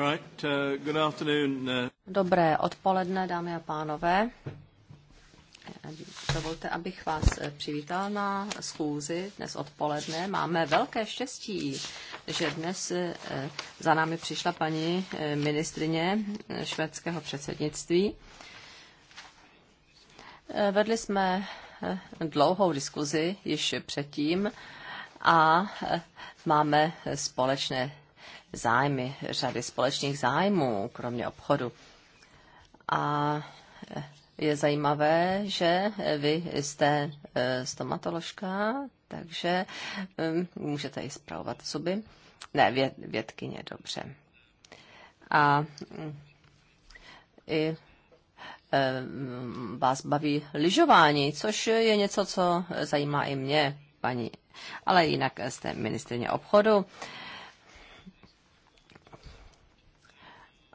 Uh, uh, Dobré odpoledne, dámy a pánové. Dovolte, abych vás eh, přivítal na schůzi dnes odpoledne. Máme velké štěstí, že dnes eh, za námi přišla paní eh, ministrině švédského předsednictví. Vedli jsme dlouhou diskuzi již předtím a máme společné zájmy, řady společných zájmů, kromě obchodu. A je zajímavé, že vy jste e, stomatoložka, takže e, můžete i zpravovat zuby. Ne, věd, vědkyně, dobře. A mm, i e, vás baví lyžování, což je něco, co zajímá i mě, paní. Ale jinak jste ministrině obchodu.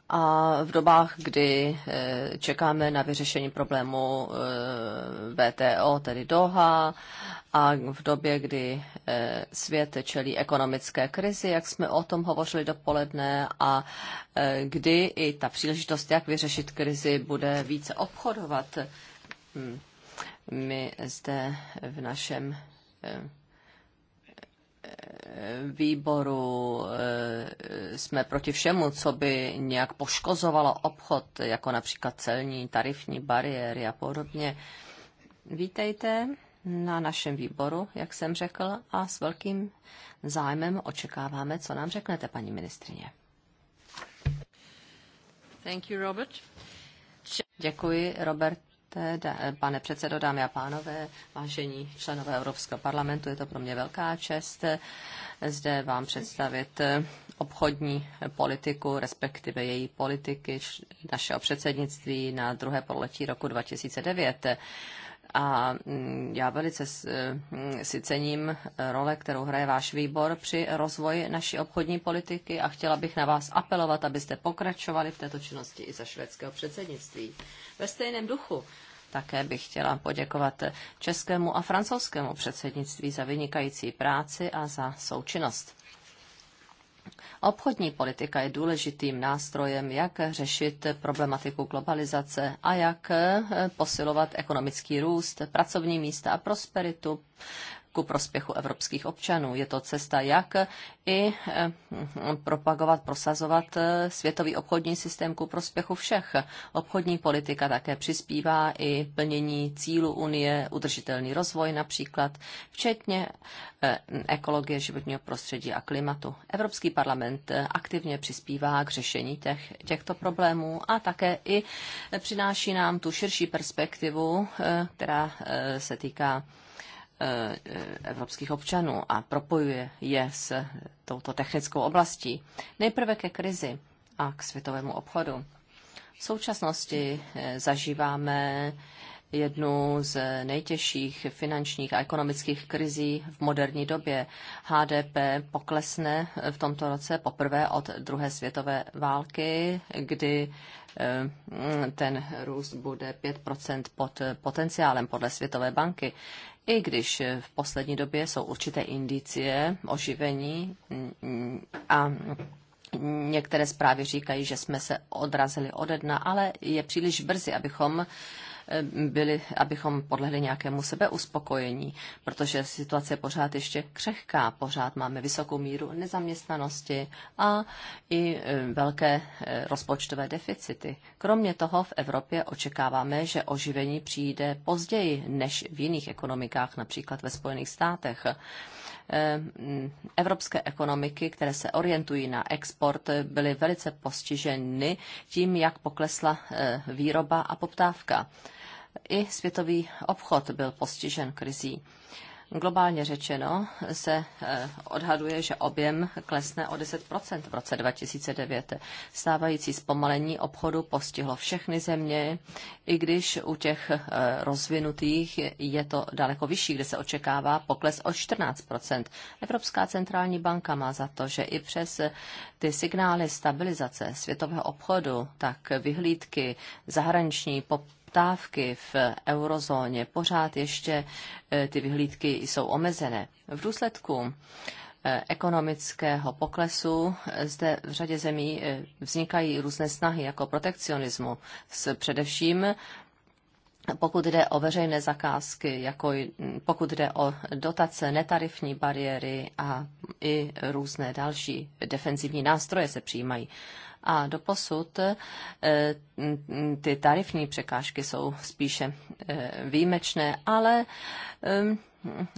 a v dobách, kdy eh, čekáme na vyřešení problému eh, VTO, tedy Doha, a v době, kdy eh, svět čelí ekonomické krizi, jak jsme o tom hovořili dopoledne, a kdy i ta příležitost, jak vyřešit krizi, bude více obchodovat. Hm. My zde v našem výboru eh, jsme proti všemu, co by nějak poškozovalo obchod, jako například celní, tarifní bariéry a podobně. Vítejte na našem výboru, jak jsem řekl, a s velkým zájmem očekáváme, co nám řeknete, paní ministrině. Thank you, Robert. Děkuji, Robert máte, pane předsedo, dámy a pánové, vážení členové Evropského parlamentu, je to pro mě velká čest eh, zde vám představit eh, obchodní politiku, respektive její politiky našeho předsednictví na druhé pololetí roku 2009. A mm, já velice mm, si cením role, kterou hraje váš výbor při rozvoji naší obchodní politiky a chtěla bych na vás apelovat, abyste pokračovali v této činnosti i za švédského předsednictví. Ve stejném duchu také bych chtěla poděkovat českému a francouzskému předsednictví za vynikající práci a za součinnost. Obchodní politika je důležitým nástrojem, jak řešit problematiku globalizace a jak posilovat ekonomický růst, pracovní místa a prosperitu ku prospěchu evropských občanů. Je to cesta, jak i eh, propagovat, prosazovat eh, světový obchodní systém ku prospěchu všech. Obchodní politika také přispívá i plnění cílu Unie, udržitelný rozvoj například, včetně eh, ekologie životního prostředí a klimatu. Evropský parlament aktivně přispívá k řešení těch, těchto problémů a také i přináší nám tu širší perspektivu, která se týká Eh, evropských občanů a propojuje je s touto technickou oblastí. Nejprve ke krizi a k světovému obchodu. V současnosti eh, zažíváme jednu z nejtěžších finančních a ekonomických krizí v moderní době. HDP poklesne v tomto roce poprvé od druhé světové války, kdy ten růst bude 5% pod potenciálem podle Světové banky. I když v poslední době jsou určité indicie oživení mm, a Některé zprávy říkají, že jsme se odrazili ode dna, ale je příliš brzy, abychom Eh, byli, abychom podlehli nějakému sebeuspokojení, protože situace je pořád ještě křehká, pořád máme vysokou míru nezaměstnanosti a i eh, velké eh, rozpočtové deficity. Kromě toho v Evropě očekáváme, že oživení přijde později než v jiných ekonomikách, například ve Spojených státech mm, evropské ekonomiky, které se orientují na export, byly velice postiženy tím, jak poklesla výroba a poptávka. I světový obchod byl postižen krizí. Globálně řečeno se eh, odhaduje, že objem klesne o 10 v roce 2009. Stávající zpomalení obchodu postihlo všechny země, i když u těch eh, rozvinutých je to daleko vyšší, kde se očekává pokles o 14 Evropská centrální banka má za to, že i přes eh, ty signály stabilizace světového obchodu, tak vyhlídky zahraniční poptávky v eurozóně. Pořád ještě eh, ty vyhlídky jsou omezené. V důsledku eh, ekonomického poklesu eh, zde v řadě zemí vznikají různé snahy jako protekcionismu, s především pokud jde o veřejné zakázky, jako pokud jde o dotace, netarifní bariéry a i různé další defenzivní nástroje se přijímají. A doposud eh, mm, ty tarifní překážky jsou spíše eh, výjimečné, ale ehm,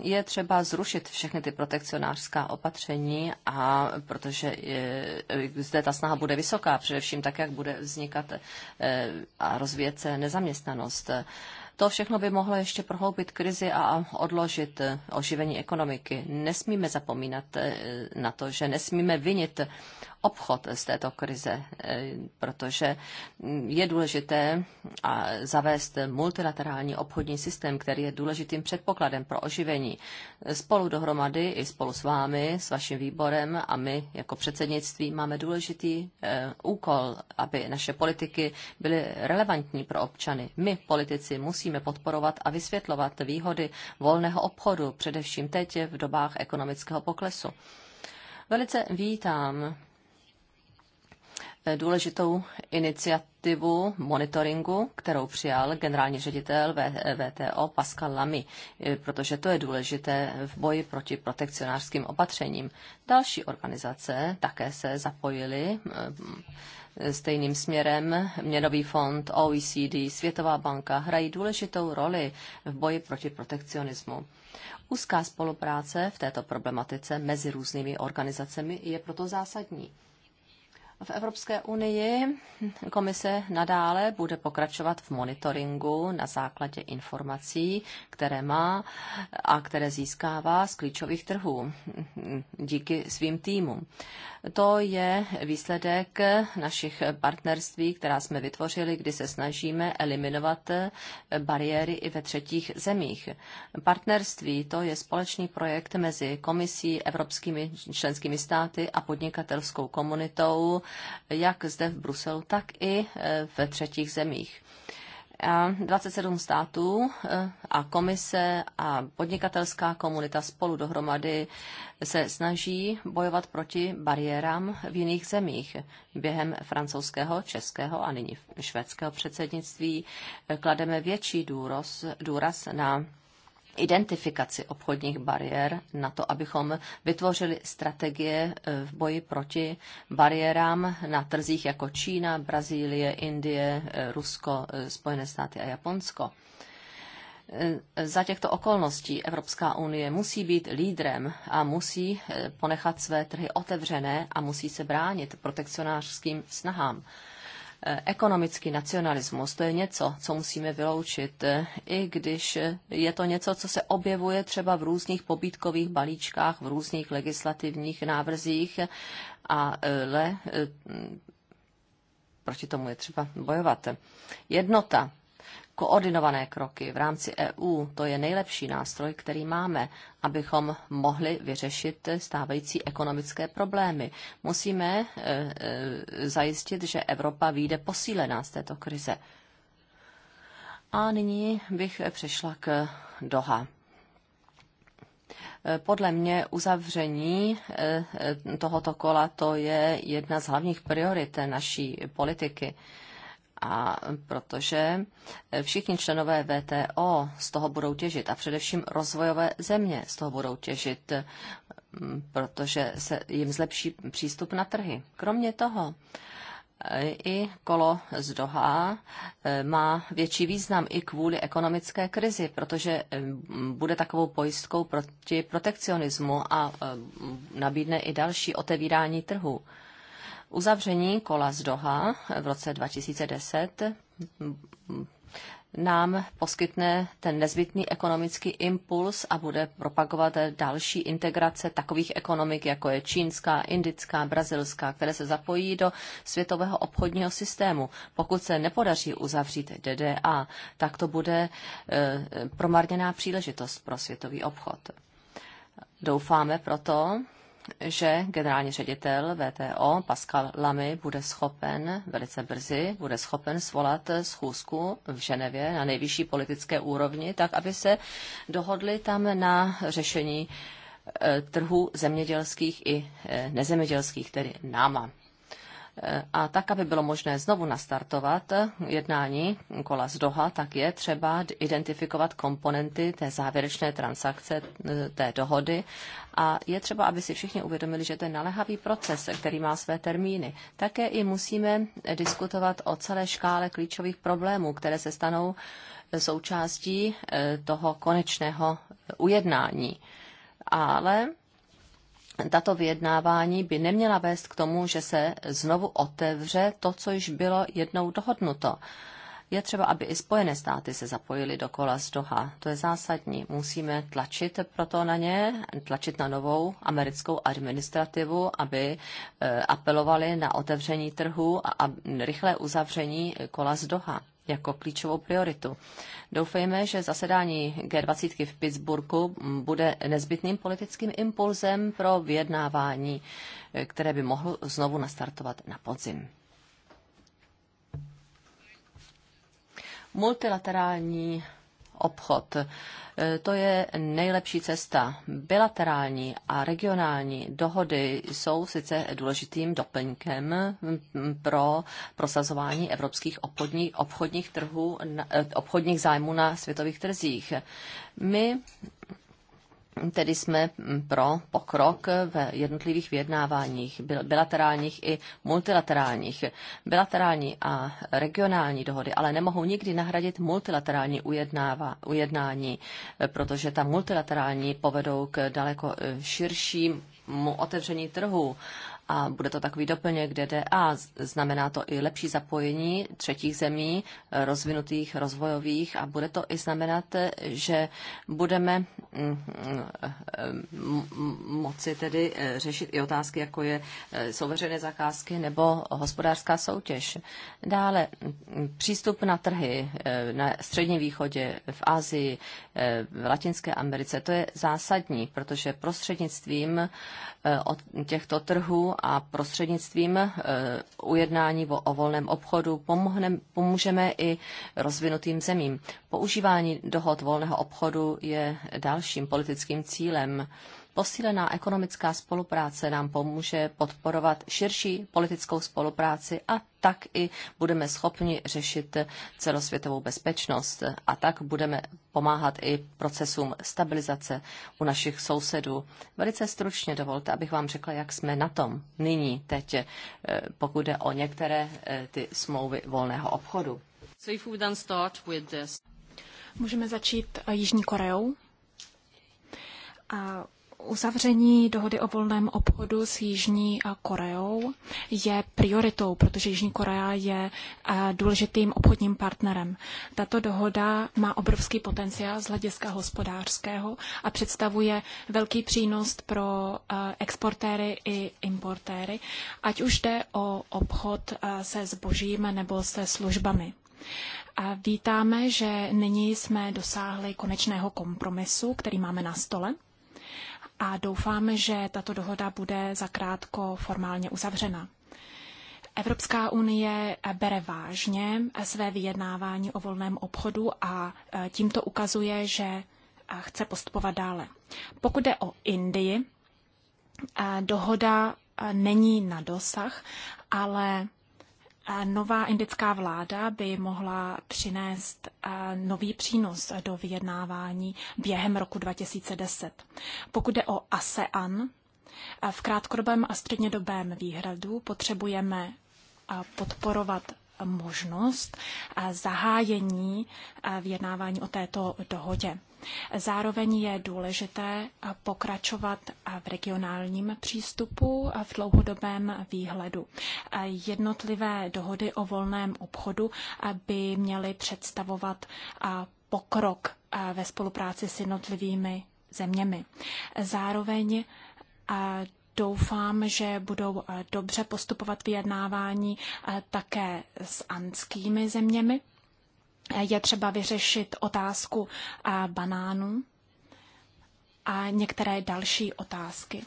je třeba zrušit všechny ty protekcionářská opatření, a protože je, eh, zde ta snaha bude vysoká, především tak, jak bude vznikat a rozvíjet se nezaměstnanost. To všechno by mohlo ještě prohloubit krizi a odložit eh, oživení ekonomiky. Nesmíme zapomínat eh, na to, že nesmíme vinit obchod z této krize, eh, protože mm, je důležité zavést multilaterální obchodní systém, který je důležitým předpokladem pro oživení. Spolu dohromady i spolu s vámi, s vaším výborem a my jako předsednictví máme důležitý úkol, aby naše politiky byly relevantní pro občany. My, politici, musíme musíme podporovat a vysvětlovat výhody volného obchodu, především teď v dobách ekonomického poklesu. Velice vítám eh, důležitou iniciativu monitoringu, kterou přijal generální ředitel VTO eh, Pascal Lamy, eh, protože to je důležité v boji proti protekcionářským opatřením. Další organizace také se zapojily stejným směrem. Měnový fond, OECD, Světová banka hrají důležitou roli v boji proti protekcionismu. Úzká spolupráce v této problematice mezi různými organizacemi je proto zásadní. V Evropské unii komise nadále bude pokračovat v monitoringu na základě informací, které má a které získává z klíčových trhů díky svým týmům. To je výsledek našich partnerství, která jsme vytvořili, kdy se snažíme eliminovat bariéry i ve třetích zemích. Partnerství to je společný projekt mezi komisí, evropskými členskými státy a podnikatelskou komunitou, jak zde v Bruselu, tak i e, ve třetích zemích. 27 států e, a komise a podnikatelská komunita spolu dohromady se snaží bojovat proti bariérám v jiných zemích. Během francouzského, českého a nyní švédského předsednictví e, klademe větší důraz, důraz na identifikaci obchodních bariér na to, abychom vytvořili strategie eh, v boji proti bariérám na trzích jako Čína, Brazílie, Indie, eh, Rusko, eh, Spojené státy a Japonsko. Za těchto okolností Evropská unie musí být lídrem a musí ponechat své trhy otevřené a musí se bránit protekcionářským snahám. Eh, ekonomický nacionalismus, to je něco, co musíme vyloučit, eh, i když eh, je to něco, co se objevuje třeba v různých pobítkových balíčkách, v různých legislativních návrzích, ale proti tomu je třeba bojovat. Jednota koordinované kroky v rámci EU, to je nejlepší nástroj, který máme, abychom mohli vyřešit stávající ekonomické problémy. Musíme e, e, zajistit, že Evropa vyjde posílená z této krize. A nyní bych přešla k Doha. E, podle mě uzavření tohoto kola to je jedna z hlavních priorit naší politiky a protože všichni členové VTO z toho budou těžit a především rozvojové země z toho budou těžit, mm, protože se jim zlepší přístup na trhy. Kromě toho, eh, i kolo z Doha eh, má větší význam i kvůli ekonomické krizi, protože mm, bude takovou pojistkou proti protekcionismu a eh, nabídne i další otevírání trhu. Uzavření kola z Doha v roce 2010 nám poskytne ten nezbytný ekonomický impuls a bude propagovat další integrace takových ekonomik, jako je čínská, indická, brazilská, které se zapojí do světového obchodního systému. Pokud se nepodaří uzavřít DDA, tak to bude e, promarněná příležitost pro světový obchod. Doufáme proto, že generální ředitel VTO Pascal Lamy bude schopen, velice brzy, bude schopen svolat schůzku v Ženevě na nejvyšší politické úrovni, tak aby se dohodli tam na řešení eh, trhu zemědělských i eh, nezemědělských, tedy náma. A tak, aby bylo možné znovu nastartovat jednání kola z Doha, tak je třeba identifikovat komponenty té závěrečné transakce e, té dohody a je třeba, aby si všichni uvědomili, že to je naléhavý proces, který má své termíny. Také i musíme diskutovat o celé škále klíčových problémů, které se stanou součástí e, toho konečného ujednání. Ale tato vyjednávání by neměla vést k tomu, že se znovu otevře to, co již bylo jednou dohodnuto. Je třeba, aby i Spojené státy se zapojily do kola z Doha. To je zásadní. Musíme tlačit proto na ně, tlačit na novou americkou administrativu, aby eh, apelovali na otevření trhu a rychlé uzavření kola z Doha jako klíčovou prioritu. Doufejme, že zasedání G20 v Pittsburghu bude nezbytným politickým impulzem pro vyjednávání, které by mohlo znovu nastartovat na podzim. Multilaterální obchod. E, to je nejlepší cesta. Bilaterální a regionální dohody jsou sice důležitým doplňkem pro prosazování evropských obchodních, obchodních, trhů, e, obchodních zájmů na světových trzích. My tedy jsme pro pokrok v jednotlivých vyjednáváních, bilaterálních i multilaterálních. Bilaterální a regionální dohody ale nemohou nikdy nahradit multilaterální ujednání, protože ta multilaterální povedou k daleko širšímu otevření trhu a bude to takový doplněk DDA. Znamená to i lepší zapojení třetích zemí, rozvinutých, rozvojových a bude to i znamenat, že budeme mm, mm, mm, moci tedy eh, řešit i otázky, jako je, eh, jsou veřejné zakázky nebo hospodářská soutěž. Dále přístup na trhy eh, na Středním východě, v Asii, v Latinské Americe, to je zásadní, protože prostřednictvím od těchto trhů a prostřednictvím eh, ujednání o volném obchodu pomůžeme i rozvinutým zemím. Používání dohod volného obchodu je dalším politickým cílem Posílená ekonomická spolupráce nám pomůže podporovat širší politickou spolupráci a tak i budeme schopni řešit celosvětovou bezpečnost a tak budeme pomáhat i procesům stabilizace u našich sousedů. Velice stručně dovolte, abych vám řekla, jak jsme na tom nyní, teď, eh, pokud jde o některé eh, ty smlouvy volného obchodu. Můžeme začít eh, Jižní Koreou. A Uzavření dohody o volném obchodu s Jižní eh, Koreou je prioritou, protože Jižní Korea je eh, důležitým obchodním partnerem. Tato dohoda má obrovský potenciál z hlediska hospodářského a představuje velký přínos pro eh, exportéry i importéry, ať už jde o obchod se zbožím nebo se službami. A vítáme, že nyní jsme dosáhli konečného kompromisu, který máme na stole a doufáme, že tato dohoda bude zakrátko formálně uzavřena. Evropská unie bere vážně své vyjednávání o volném obchodu a e, tímto ukazuje, že e, chce postupovat dále. Pokud jde o Indii, e, dohoda není na dosah, ale Nová indická vláda by mohla přinést nový přínos do vyjednávání během roku 2010. Pokud jde o ASEAN, v krátkodobém a střednědobém výhradu potřebujeme podporovat možnost eh, zahájení eh, vyjednávání o této dohodě. Zároveň je důležité eh, pokračovat v regionálním přístupu v dlouhodobém výhledu. Jednotlivé dohody o volném obchodu by měly představovat pokrok ve spolupráci s jednotlivými zeměmi. Zároveň Doufám, že budou eh, dobře postupovat vyjednávání eh, také s anskými zeměmi. Eh, je třeba vyřešit otázku banánů a některé další otázky.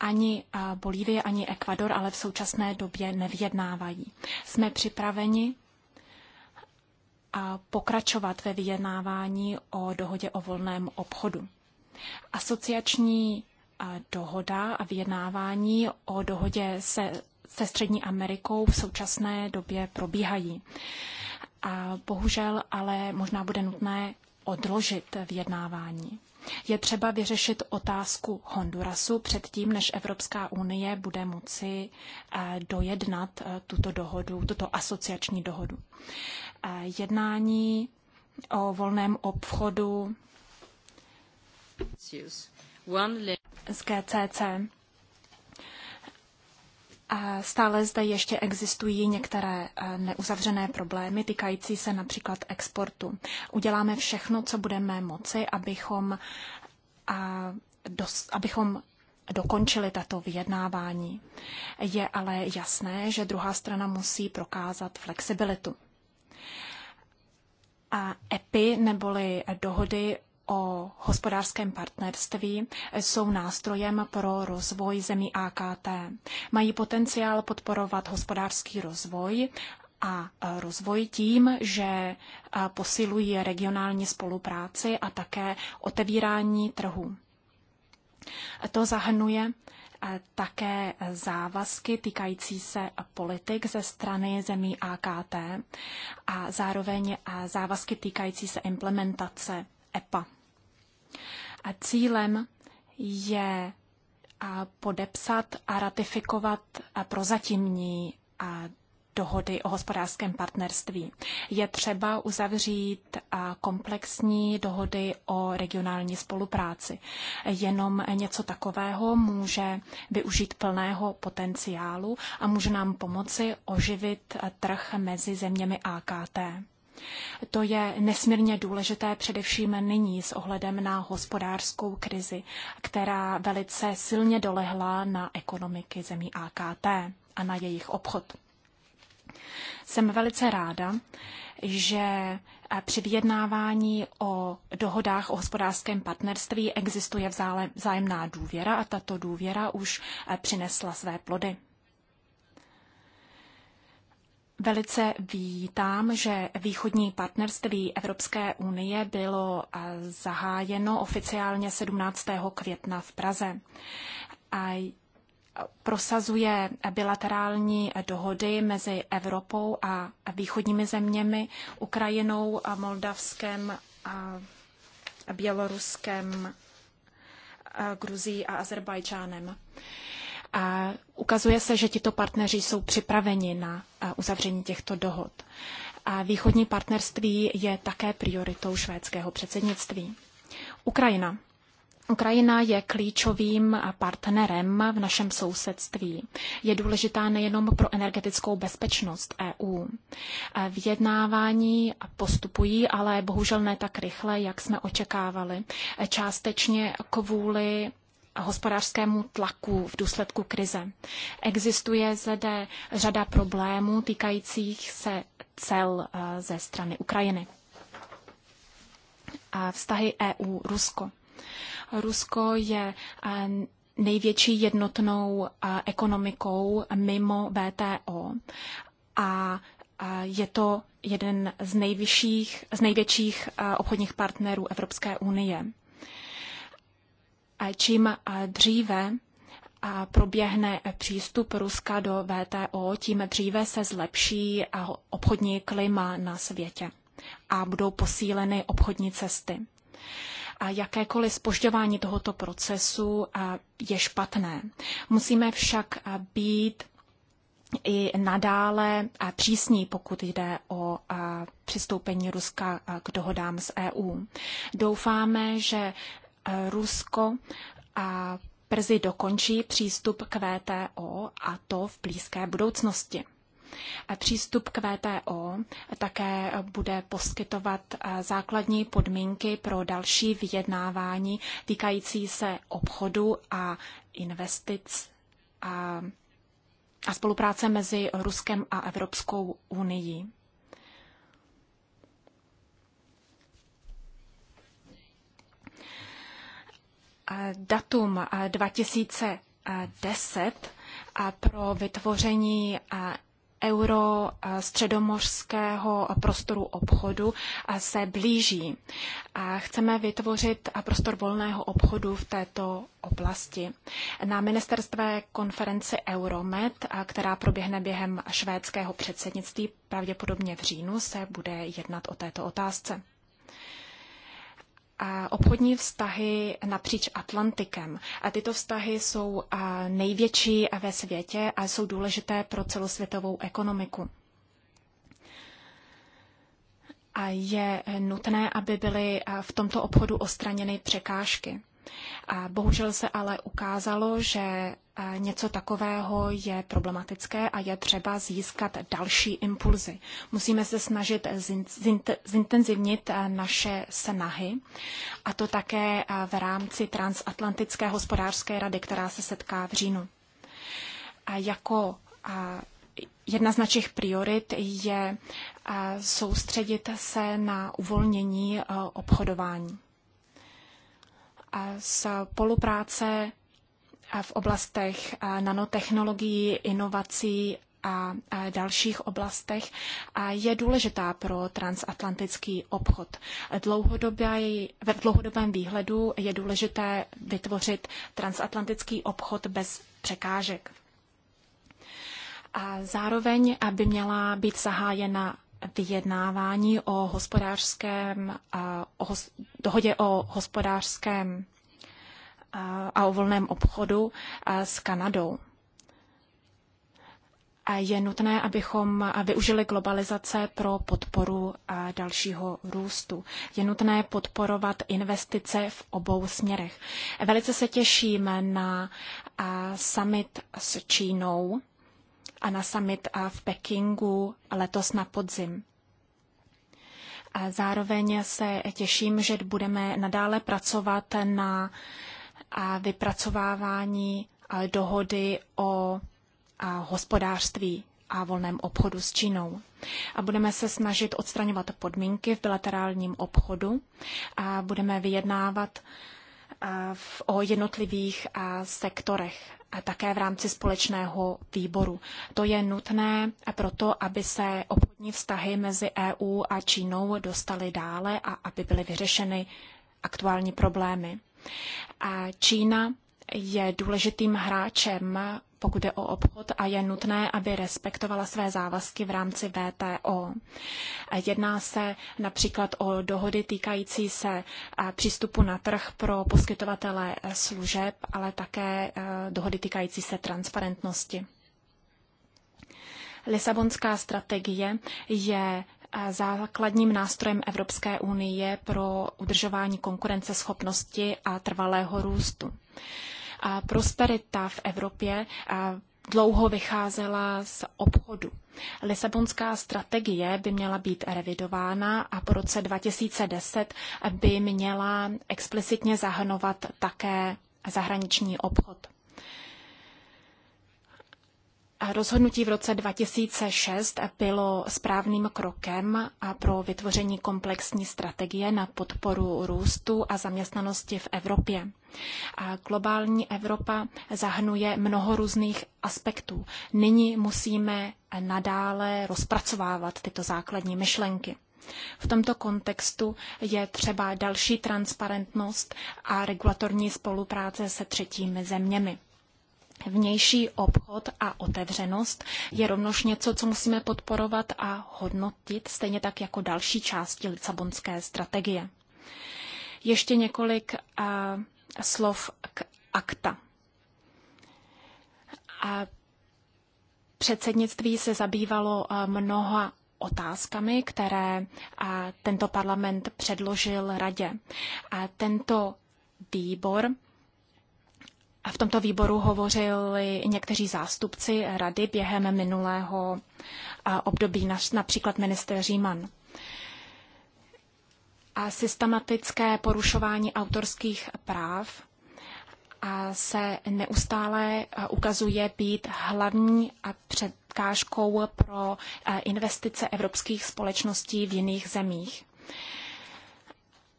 Ani Bolívie, ani Ekvador ale v současné době nevyjednávají. Jsme připraveni pokračovat ve vyjednávání o dohodě o volném obchodu. Asociační dohoda a vyjednávání o dohodě se, se Střední Amerikou v současné době probíhají. A bohužel ale možná bude nutné odložit vyjednávání. Je třeba vyřešit otázku Hondurasu předtím, než Evropská unie bude moci eh, dojednat eh, tuto dohodu, tuto asociační dohodu. Eh, jednání o volném obchodu z GCC. Stále zde ještě existují některé eh, neuzavřené problémy týkající se například exportu. Uděláme všechno, co budeme moci, abychom, a dos, abychom dokončili tato vyjednávání. Je ale jasné, že druhá strana musí prokázat flexibilitu. A EPI neboli dohody o hospodářském partnerství jsou nástrojem pro rozvoj zemí AKT. Mají potenciál podporovat hospodářský rozvoj a e, rozvoj tím, že e, posilují regionální spolupráci a také otevírání trhu. To zahrnuje e, také závazky týkající se politik ze strany zemí AKT a zároveň závazky týkající se implementace EPA. A cílem je a podepsat a ratifikovat a prozatímní a dohody o hospodářském partnerství. Je třeba uzavřít komplexní dohody o regionální spolupráci. Jenom něco takového může využít plného potenciálu a může nám pomoci oživit trh mezi zeměmi AKT. To je nesmírně důležité především nyní s ohledem na hospodářskou krizi, která velice silně dolehla na ekonomiky zemí AKT a na jejich obchod. Jsem velice ráda, že při vyjednávání o dohodách o hospodářském partnerství existuje vzájemná důvěra a tato důvěra už přinesla své plody. Velice vítám, že východní partnerství Evropské unie bylo zahájeno oficiálně 17. května v Praze. A prosazuje bilaterální dohody mezi Evropou a východními zeměmi, Ukrajinou, a Moldavskem, a Běloruskem, a Gruzí a Azerbajdžánem. Ukazuje se, že tito partneři jsou připraveni na eh, uzavření těchto dohod. A východní partnerství je také prioritou švédského předsednictví. Ukrajina. Ukrajina je klíčovým eh, partnerem v našem sousedství. Je důležitá nejenom pro energetickou bezpečnost EU. Eh, vyjednávání postupují, ale bohužel ne tak rychle, jak jsme očekávali. Částečně kvůli hospodářskému tlaku v důsledku krize. Existuje zde řada problémů týkajících se cel eh, ze strany Ukrajiny. a Vztahy EU-Rusko. Rusko je eh, největší jednotnou eh, ekonomikou mimo VTO a je to jeden z, z největších obchodních partnerů Evropské unie čím dříve a proběhne přístup Ruska do VTO, tím dříve se zlepší obchodní klima na světě a budou posíleny obchodní cesty. A jakékoliv spožďování tohoto procesu je špatné. Musíme však být i nadále přísní, pokud jde o přistoupení Ruska k dohodám s EU. Doufáme, že Eh, Rusko a brzy dokončí přístup k VTO a to v blízké budoucnosti. Přístup k VTO také bude poskytovat eh, základní podmínky pro další vyjednávání týkající se obchodu a investic a, a spolupráce mezi Ruskem a Evropskou unii. datum 2010 pro vytvoření euro středomořského prostoru obchodu se blíží. Chceme vytvořit prostor volného obchodu v této oblasti. Na ministerstvé konferenci Euromed, která proběhne během švédského předsednictví pravděpodobně v říjnu, se bude jednat o této otázce obchodní vztahy napříč Atlantikem. A tyto vztahy jsou největší ve světě a jsou důležité pro celosvětovou ekonomiku. A je nutné, aby byly v tomto obchodu ostraněny překážky. A bohužel se ale ukázalo, že něco takového je problematické a je třeba získat další impulzy. Musíme se snažit zintenzivnit eh, naše snahy a to také eh, v rámci Transatlantické hospodářské rady, která se setká v říjnu. A jako jedna z našich priorit je soustředit se na uvolnění eh, obchodování. A spolupráce v oblastech nanotechnologií, inovací a dalších oblastech a je důležitá pro transatlantický obchod. ve dlouhodobém výhledu je důležité vytvořit transatlantický obchod bez překážek. A zároveň by měla být zahájena vyjednávání o hospodářském, o hos, dohodě o hospodářském a o volném obchodu s Kanadou. A je nutné, abychom využili globalizace pro podporu dalšího růstu. Je nutné podporovat investice v obou směrech. Velice se těšíme na summit s Čínou a na summit v Pekingu letos na podzim. A zároveň se těším, že budeme nadále pracovat na a vypracovávání eh, dohody o eh, hospodářství a volném obchodu s Čínou. A budeme se snažit odstraňovat podmínky v bilaterálním obchodu a budeme vyjednávat eh, o jednotlivých a sektorech a také v rámci společného výboru. To je nutné proto, aby se obchodní vztahy mezi EU a Čínou dostaly dále a aby byly vyřešeny aktuální problémy. Čína je důležitým hráčem, pokud je o obchod, a je nutné, aby respektovala své závazky v rámci VTO. Jedná se například o dohody týkající se přístupu na trh pro poskytovatele e, služeb, ale také e, dohody týkající se transparentnosti. Lisabonská strategie je základním nástrojem Evropské unie pro udržování konkurenceschopnosti a trvalého růstu. A prosperita v Evropě dlouho vycházela z obchodu. Lisabonská strategie by měla být revidována a po roce 2010 by měla explicitně zahrnovat také zahraniční obchod. Rozhodnutí v roce 2006 bylo správným krokem a pro vytvoření komplexní strategie na podporu růstu a zaměstnanosti v Evropě. A globální Evropa zahnuje mnoho různých aspektů. Nyní musíme nadále rozpracovávat tyto základní myšlenky. V tomto kontextu je třeba další transparentnost a regulatorní spolupráce se třetími zeměmi vnější obchod a otevřenost je rovnož něco, co musíme podporovat a hodnotit, stejně tak jako další části Lisabonské strategie. Ještě několik eh, slov k akta. A předsednictví se zabývalo eh, mnoha otázkami, které eh, tento parlament předložil radě. A tento výbor v tomto výboru hovořili někteří zástupci rady během minulého období, například minister Říman. A systematické porušování autorských práv a se neustále ukazuje být hlavní a překážkou pro investice evropských společností v jiných zemích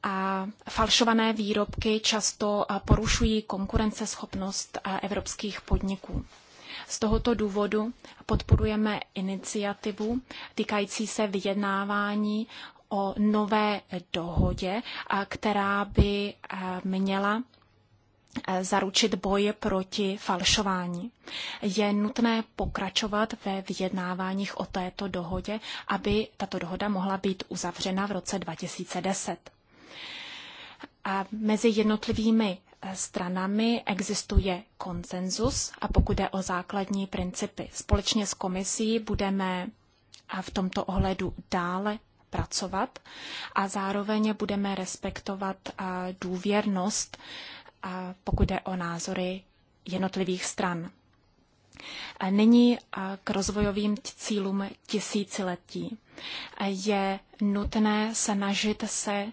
a falšované výrobky často porušují konkurenceschopnost evropských podniků. Z tohoto důvodu podporujeme iniciativu týkající se vyjednávání o nové dohodě, která by měla zaručit boj proti falšování. Je nutné pokračovat ve vyjednáváních o této dohodě, aby tato dohoda mohla být uzavřena v roce 2010. A mezi jednotlivými eh, stranami existuje konsenzus a pokud je o základní principy. Společně s komisí budeme v tomto ohledu dále pracovat a zároveň budeme respektovat eh, důvěrnost, eh, pokud je o názory jednotlivých stran. Nyní k rozvojovým cílům tisíciletí. Je nutné snažit se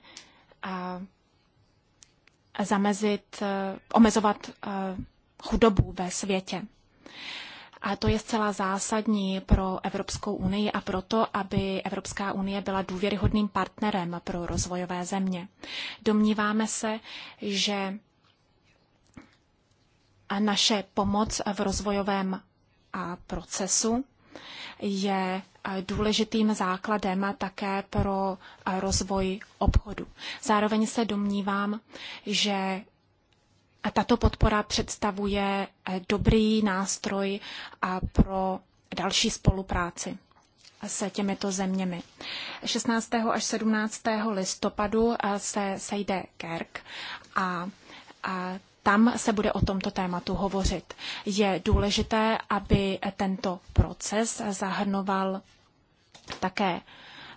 zamezit, eh, omezovat eh, chudobu ve světě. A to je zcela zásadní pro Evropskou unii a proto, aby Evropská unie byla důvěryhodným partnerem pro rozvojové země. Domníváme se, že naše pomoc v rozvojovém procesu je eh, důležitým základem také pro eh, rozvoj obchodu. Zároveň se domnívám, že tato podpora představuje eh, dobrý nástroj pro další spolupráci se těmito zeměmi. 16. až 17. listopadu se sejde Kerk a, a tam se bude o tomto tématu hovořit. Je důležité, aby tento proces zahrnoval také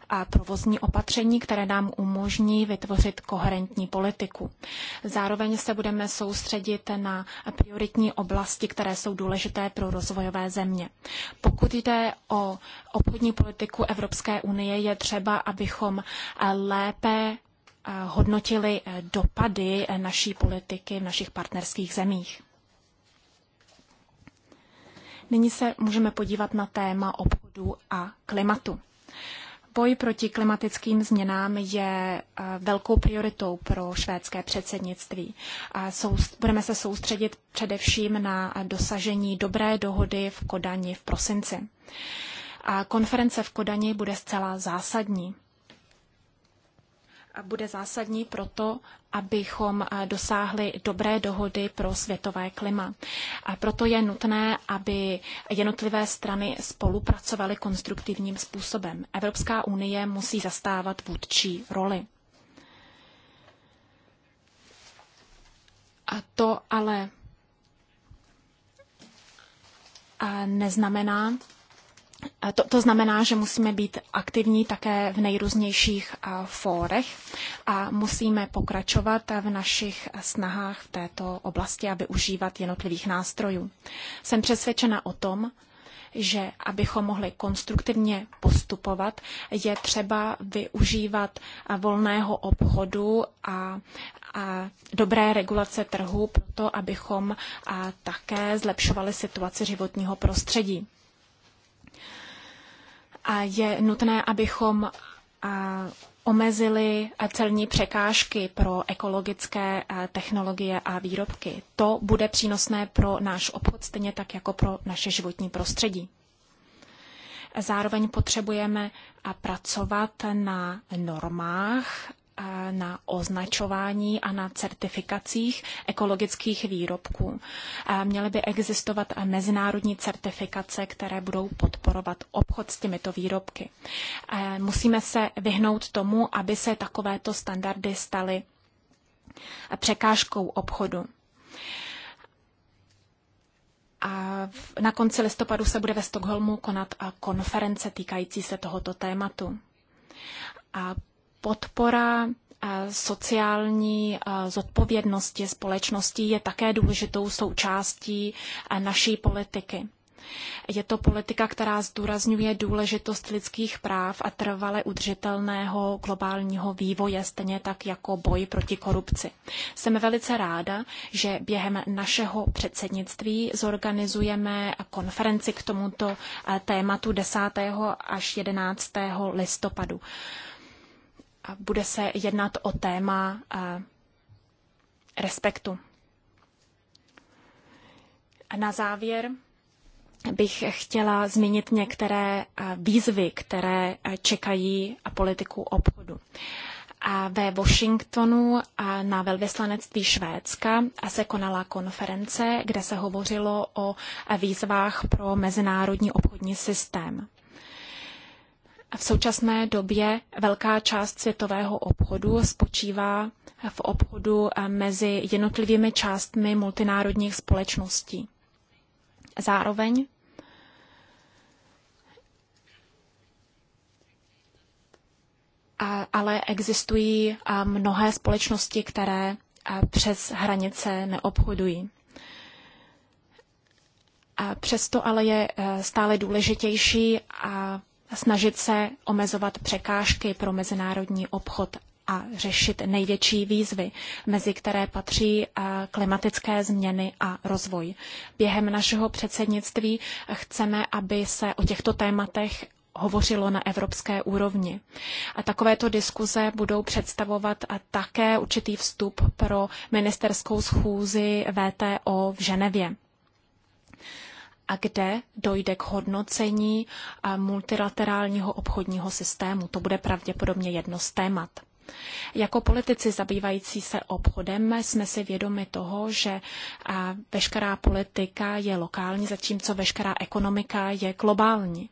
a provozní opatření, které nám umožní vytvořit koherentní politiku. Zároveň se budeme soustředit na prioritní oblasti, které jsou důležité pro rozvojové země. Pokud jde o obchodní politiku Evropské unie, je třeba, abychom lépe Eh, hodnotili eh, dopady eh, naší politiky v našich partnerských zemích. Nyní se můžeme podívat na téma obchodu a klimatu. Boj proti klimatickým změnám je velkou prioritou pro švédské předsednictví. Budeme se soustředit především na dosažení dobré dohody v Kodani v prosinci. Konference v Kodani bude zcela zásadní bude zásadní pro to, abychom eh, dosáhli dobré dohody pro světové klima. A proto je nutné, aby jednotlivé strany spolupracovaly konstruktivním způsobem. Evropská unie musí zastávat vůdčí roli. A to ale eh, neznamená, to, to znamená, že musíme být aktivní také v nejrůznějších fórech a musíme pokračovat v našich snahách v této oblasti a využívat jednotlivých nástrojů. Jsem přesvědčena o tom, že abychom mohli konstruktivně postupovat, je třeba využívat volného obchodu a, a dobré regulace trhu, proto abychom a také zlepšovali situaci životního prostředí. A je nutné, abychom omezili celní překážky pro ekologické technologie a výrobky. To bude přínosné pro náš obchod, stejně tak jako pro naše životní prostředí. Zároveň potřebujeme pracovat na normách na označování a na certifikacích ekologických výrobků. Měly by existovat mezinárodní certifikace, které budou podporovat obchod s těmito výrobky. Musíme se vyhnout tomu, aby se takovéto standardy staly překážkou obchodu. A na konci listopadu se bude ve Stockholmu konat konference týkající se tohoto tématu. A podpora eh, sociální eh, zodpovědnosti společnosti je také důležitou součástí eh, naší politiky. Je to politika, která zdůrazňuje důležitost lidských práv a trvale udržitelného globálního vývoje, stejně tak jako boj proti korupci. Jsem velice ráda, že během našeho předsednictví zorganizujeme konferenci k tomuto tématu 10. až 11. listopadu bude se jednat o téma eh, respektu. Na závěr bych chtěla zmínit některé eh, výzvy, které eh, čekají politiku obchodu. A ve Washingtonu a na velvyslanectví Švédska se konala konference, kde se hovořilo o výzvách pro mezinárodní obchodní systém. V současné době velká část světového obchodu spočívá v obchodu eh, mezi jednotlivými částmi multinárodních společností. Zároveň ale existují eh, mnohé společnosti, které eh, přes hranice neobchodují. A přesto ale je stále důležitější a snažit se omezovat překážky pro mezinárodní obchod a řešit největší výzvy, mezi které patří eh, klimatické změny a rozvoj. Během našeho předsednictví chceme, aby se o těchto tématech hovořilo na evropské úrovni. A takovéto diskuze budou představovat a také určitý vstup pro ministerskou schůzi VTO v Ženevě a kde dojde k hodnocení eh, multilaterálního obchodního systému. To bude pravděpodobně jedno z témat. Jako politici zabývající se obchodem jsme si vědomi toho, že eh, veškerá politika je lokální, zatímco veškerá ekonomika je globální.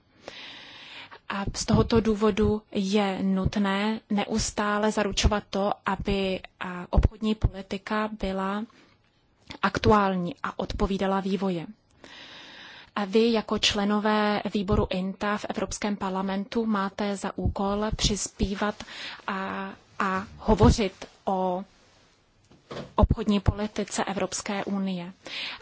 A z tohoto důvodu je nutné neustále zaručovat to, aby eh, obchodní politika byla aktuální a odpovídala vývoje. A vy jako členové výboru INTA v Evropském parlamentu máte za úkol přispívat a, a hovořit o obchodní politice Evropské unie.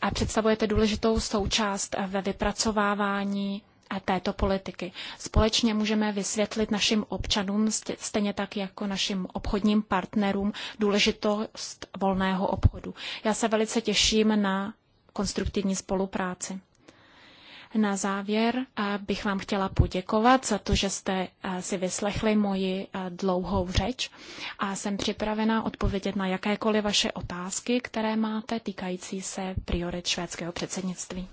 A představujete důležitou součást ve vypracovávání této politiky. Společně můžeme vysvětlit našim občanům, stejně tak jako našim obchodním partnerům, důležitost volného obchodu. Já se velice těším na konstruktivní spolupráci. Na závěr eh, bych vám chtěla poděkovat za to, že jste eh, si vyslechli moji eh, dlouhou řeč a jsem připravena odpovědět na jakékoliv vaše otázky, které máte týkající se priorit švédského předsednictví.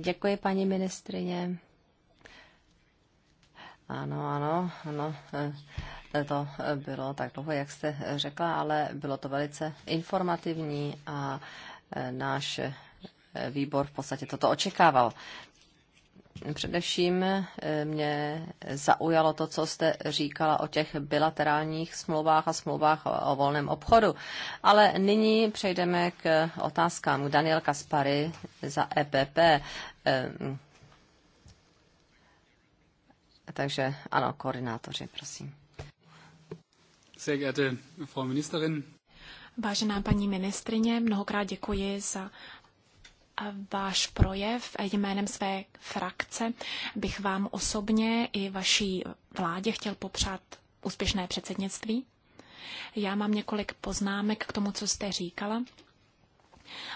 Děkuji, paní ministrině. Ano, ano, ano to bylo tak dlouho, jak jste řekla, ale bylo to velice informativní a e, náš e, výbor v podstatě toto očekával. Především e, mě zaujalo to, co jste říkala o těch bilaterálních smlouvách a smlouvách o volném obchodu. Ale nyní přejdeme k otázkám. Daniel Kaspary za EPP. Takže ano, koordinátoři, prosím. Sehr geehrte Frau Ministerin. Vážená paní ministrině, mnohokrát děkuji za váš projev jménem své frakce. Bych vám osobně i vaší vládě chtěl popřát úspěšné předsednictví. Já mám několik poznámek k tomu, co jste říkala.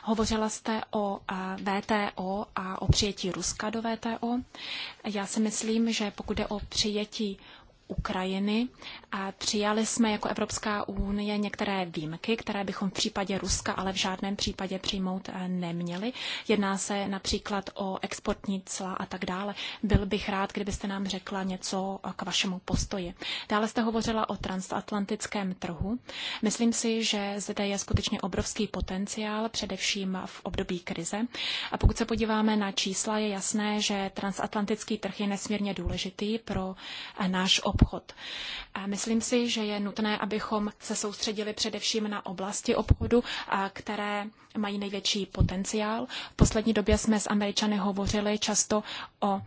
Hovořila jste o VTO a o přijetí Ruska do VTO. Já si myslím, že pokud jde o přijetí Ukrajiny. A přijali jsme jako Evropská unie některé výjimky, které bychom v případě Ruska, ale v žádném případě přijmout eh, neměli. Jedná se například o exportní cla a tak dále. Byl bych rád, kdybyste nám řekla něco eh, k vašemu postoji. Dále jste hovořila o transatlantickém trhu. Myslím si, že zde je skutečně obrovský potenciál, především v období krize. A pokud se podíváme na čísla, je jasné, že transatlantický trh je nesmírně důležitý pro eh, náš obchod. Myslím si, že je nutné, abychom se soustředili především na oblasti obchodu, které mají největší potenciál. V poslední době jsme s Američany hovořili často o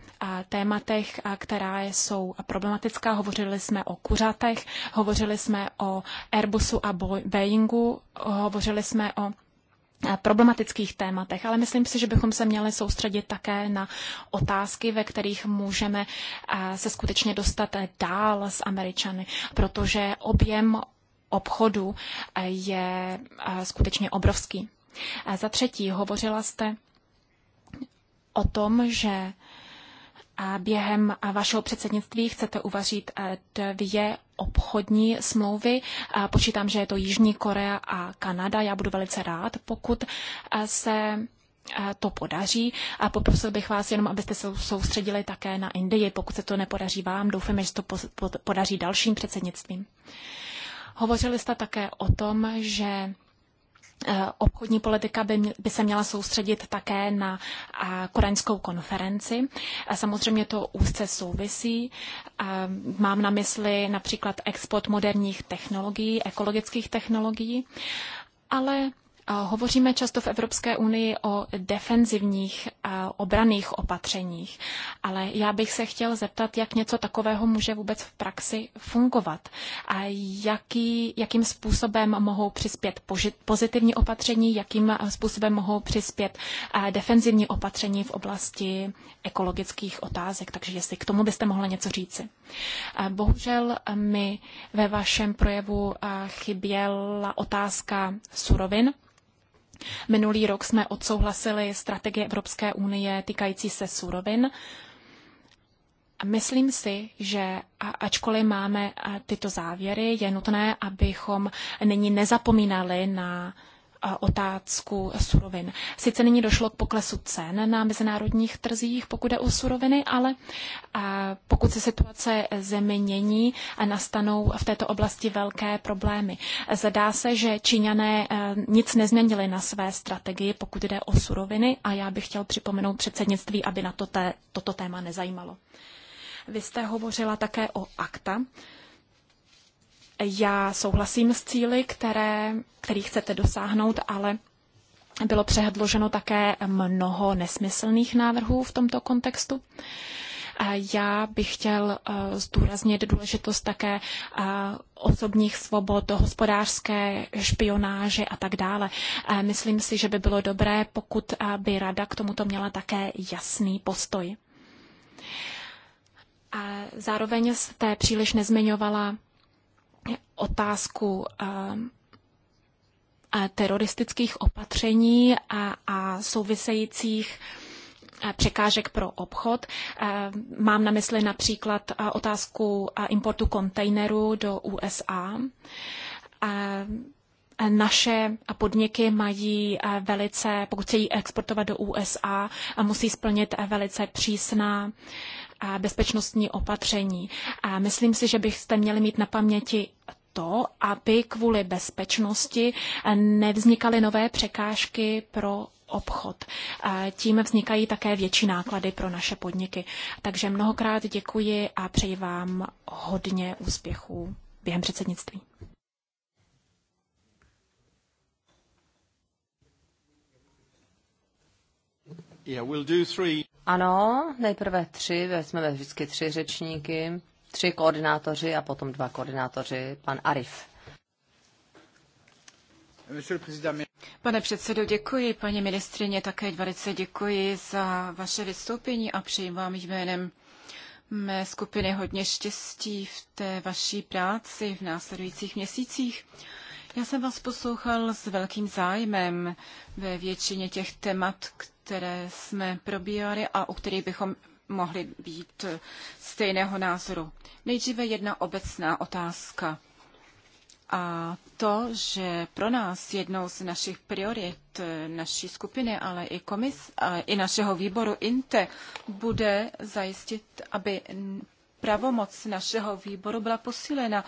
tématech, která jsou problematická. Hovořili jsme o kuřatech, hovořili jsme o Airbusu a Boeingu, hovořili jsme o Eh, problematických tématech, ale myslím si, že bychom se měli soustředit také na otázky, ve kterých můžeme eh, se skutečně dostat eh, dál s Američany, protože objem obchodu je skutečně obrovský. Za třetí, hovořila jste o tom, že během vašeho předsednictví chcete uvařit dvě obchodní smlouvy. Počítám, že je to Jižní Korea a Kanada. Já budu velice rád, pokud se to podaří. A poprosil bych vás jenom, abyste se soustředili také na Indii. Pokud se to nepodaří vám, doufám, že se to podaří dalším předsednictvím. Hovořili jste také o tom, že Eh, obchodní politika by, by se měla soustředit také na eh, koreňskou konferenci. Eh, samozřejmě to úzce souvisí. Mám na mysli například export moderních technologií, ekologických technologií, ale Hovoříme často v Evropské unii o defenzivních obraných opatřeních, ale já bych se chtěl zeptat, jak něco takového může vůbec v praxi fungovat a jaký, jakým způsobem mohou přispět pozitivní opatření, jakým způsobem mohou přispět defenzivní opatření v oblasti ekologických otázek. Takže jestli k tomu byste mohla něco říci. Bohužel mi ve vašem projevu chyběla otázka surovin Minulý rok jsme odsouhlasili strategii Evropské unie týkající se surovin. Myslím si, že ačkoliv máme tyto závěry, je nutné, abychom nyní nezapomínali na otázku surovin. Sice nyní došlo k poklesu cen na mezinárodních trzích, pokud je o suroviny, ale pokud se situace zemi mění, nastanou v této oblasti velké problémy. Zdá se, že Číňané e, nic nezměnili na své strategii, pokud jde o suroviny a já bych chtěl připomenout předsednictví, aby na to té, toto téma nezajímalo. Vy jste hovořila také o akta. Já souhlasím s cíly, které, který chcete dosáhnout, ale bylo předloženo také mnoho nesmyslných návrhů v tomto kontextu. Já bych chtěl eh, zdůraznit důležitost také eh, osobních svobod, hospodářské špionáže a tak dále. Myslím si, že by bylo dobré, pokud eh, by rada k tomuto měla také jasný postoj. A zároveň jste příliš nezmiňovala otázku ehm, teroristických opatření a, a souvisejících eh, překážek pro obchod. Ehm, mám na mysli například eh, otázku eh, importu kontejnerů do USA. Ehm, naše podniky mají velice, pokud chtějí exportovat do USA, musí splnit velice přísná bezpečnostní opatření. A myslím si, že byste měli mít na paměti to, aby kvůli bezpečnosti eh, nevznikaly nové překážky pro obchod. Eh, tím vznikají také větší náklady pro naše podniky. Takže mnohokrát děkuji a přeji vám hodně úspěchů během předsednictví. Yeah, we'll do three. Ano, nejprve tři, ve vždycky tři řečníky, tři koordinátoři a potom dva koordinátoři, pan Arif. Pane předsedo, děkuji. Paní ministrině také velice děkuji za vaše vystoupení a přeji vám jménem mé skupiny hodně štěstí v té vaší práci v následujících měsících. Já jsem vás poslouchal s velkým zájmem ve většině těch témat, které jsme probírali a u kterých bychom mohli být stejného názoru. Nejdříve jedna obecná otázka. A to, že pro nás jednou z našich priorit naší skupiny, ale i komis, a i našeho výboru INTE bude zajistit, aby pravomoc našeho výboru byla posílena,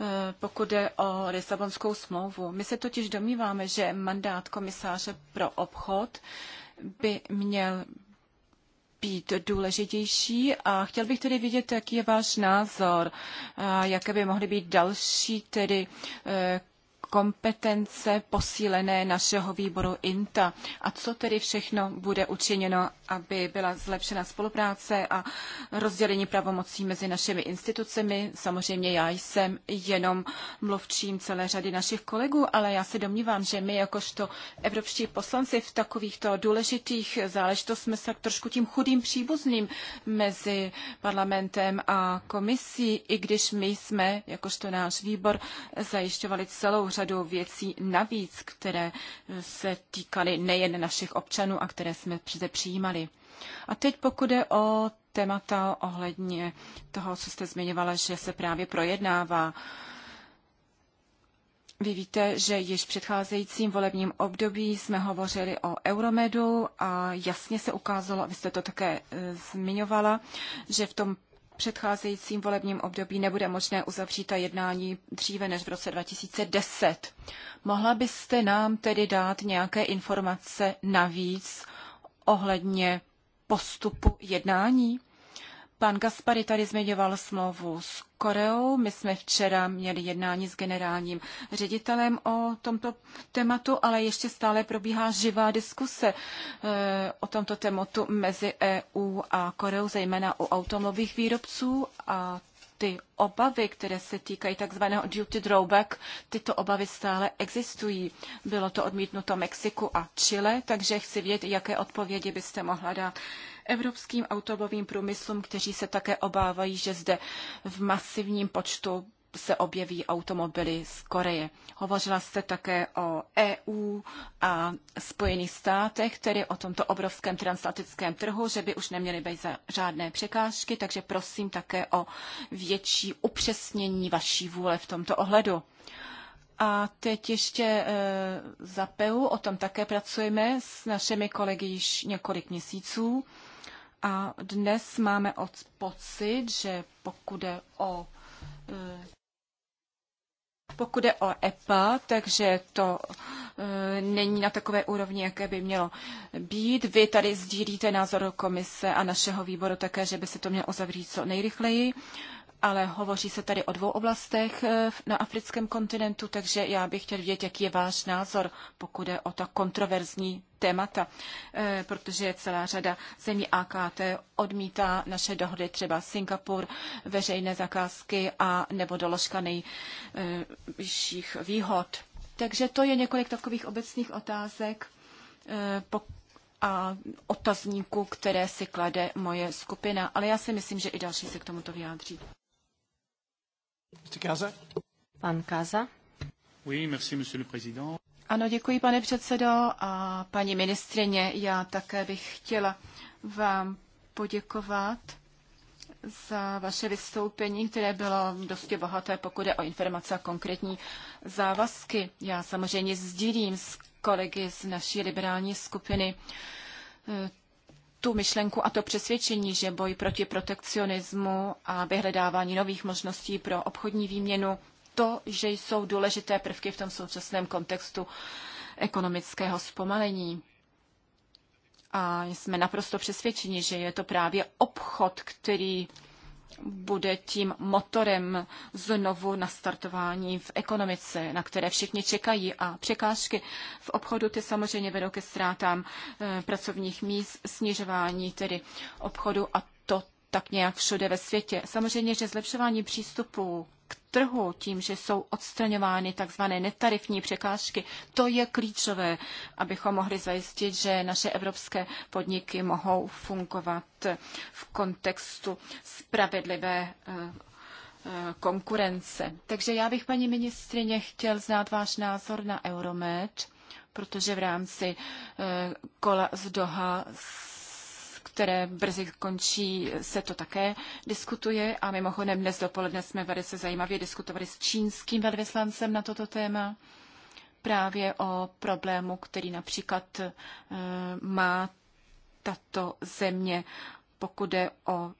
eh, pokud je o Lisabonskou smlouvu. My se totiž domýváme, že mandát komisáře pro obchod by měl být důležitější a chtěl bych tedy vidět, jaký je váš názor, a jaké by mohly být další tedy eh, kompetence posílené našeho výboru INTA a co tedy všechno bude učiněno, aby byla zlepšena spolupráce a rozdělení pravomocí mezi našimi institucemi. Samozřejmě já jsem jenom mluvčím celé řady našich kolegů, ale já se domnívám, že my jakožto evropští poslanci v takovýchto důležitých záležitostech jsme se trošku tím chudým příbuzným mezi parlamentem a komisí, i když my jsme, jakožto náš výbor, zajišťovali celou řadu věcí navíc, které se týkaly nejen našich občanů a které jsme přijímali. A teď pokud je o témata ohledně toho, co jste zmiňovala, že se právě projednává. Vy víte, že již v předcházejícím volebním období jsme hovořili o Euromedu a jasně se ukázalo, a vy jste to také e, zmiňovala, že v tom předcházejícím volebním období nebude možné uzavřít ta jednání dříve než v roce 2010. Mohla byste nám tedy dát nějaké informace navíc ohledně postupu jednání? Pan Gaspari tady zmiňoval smlouvu s Koreou. My jsme včera měli jednání s generálním ředitelem o tomto tématu, ale ještě stále probíhá živá diskuse eh, o tomto tématu mezi EU a Koreou, zejména u automobilových výrobců a ty obavy, které se týkají takzvaného duty drawback, tyto obavy stále existují. Bylo to odmítnuto Mexiku a Chile, takže chci vědět, jaké odpovědi byste mohla dát evropským automobilovým průmyslům, kteří se také obávají, že zde v masivním počtu se objeví automobily z Koreje. Hovořila jste také o EU a Spojených státech, tedy o tomto obrovském transatlantickém trhu, že by už neměly být žádné překážky, takže prosím také o větší upřesnění vaší vůle v tomto ohledu. A teď ještě e, za PEU, o tom také pracujeme s našimi kolegy již několik měsíců. A dnes máme pocit, že pokud je o e, pokud je o EPA, takže to e, není na takové úrovni, jaké by mělo být. Vy tady sdílíte názor komise a našeho výboru také, že by se to mělo uzavřít co nejrychleji, ale hovoří se tady o dvou oblastech e, na africkém kontinentu, takže já bych chtěl vědět, jaký je váš názor, pokud je o ta kontroverzní témata, eh, protože celá řada zemí AKT odmítá naše dohody, třeba Singapur, veřejné zakázky a nebo doložka nejvyšších výhod. Takže to je několik takových obecných otázek eh, a otazníků, které si klade moje skupina. Ale já si myslím, že i další se k tomuto vyjádří. Pan Kaza. Oui, merci, monsieur le président. Ano, děkuji, pane předsedo a paní ministrině. Já také bych chtěla vám poděkovat za vaše vystoupení, které bylo dosti bohaté, pokud je o informace a konkrétní závazky. Já samozřejmě sdílím s kolegy z naší liberální skupiny eh, tu myšlenku a to přesvědčení, že boj proti protekcionismu a vyhledávání nových možností pro obchodní výměnu to, že jsou důležité prvky v tom současném kontextu ekonomického zpomalení. A jsme naprosto přesvědčeni, že je to právě obchod, který bude tím motorem znovu nastartování v ekonomice, na které všichni čekají. A překážky v obchodu ty samozřejmě vedou ke ztrátám eh, pracovních míst, snižování tedy obchodu a tak nějak všude ve světě. Samozřejmě, že zlepšování přístupu k trhu tím, že jsou odstraňovány tzv. netarifní překážky, to je klíčové, abychom mohli zajistit, že naše evropské podniky mohou fungovat v kontextu spravedlivé eh, eh, konkurence. Takže já bych, paní ministrině, chtěl znát váš názor na Euromed, protože v rámci eh, kola z Doha které brzy končí, se to také diskutuje a mimochodem dnes dopoledne jsme velice zajímavě diskutovali s čínským velvyslancem na toto téma právě o problému, který například eh, má tato země, pokud je o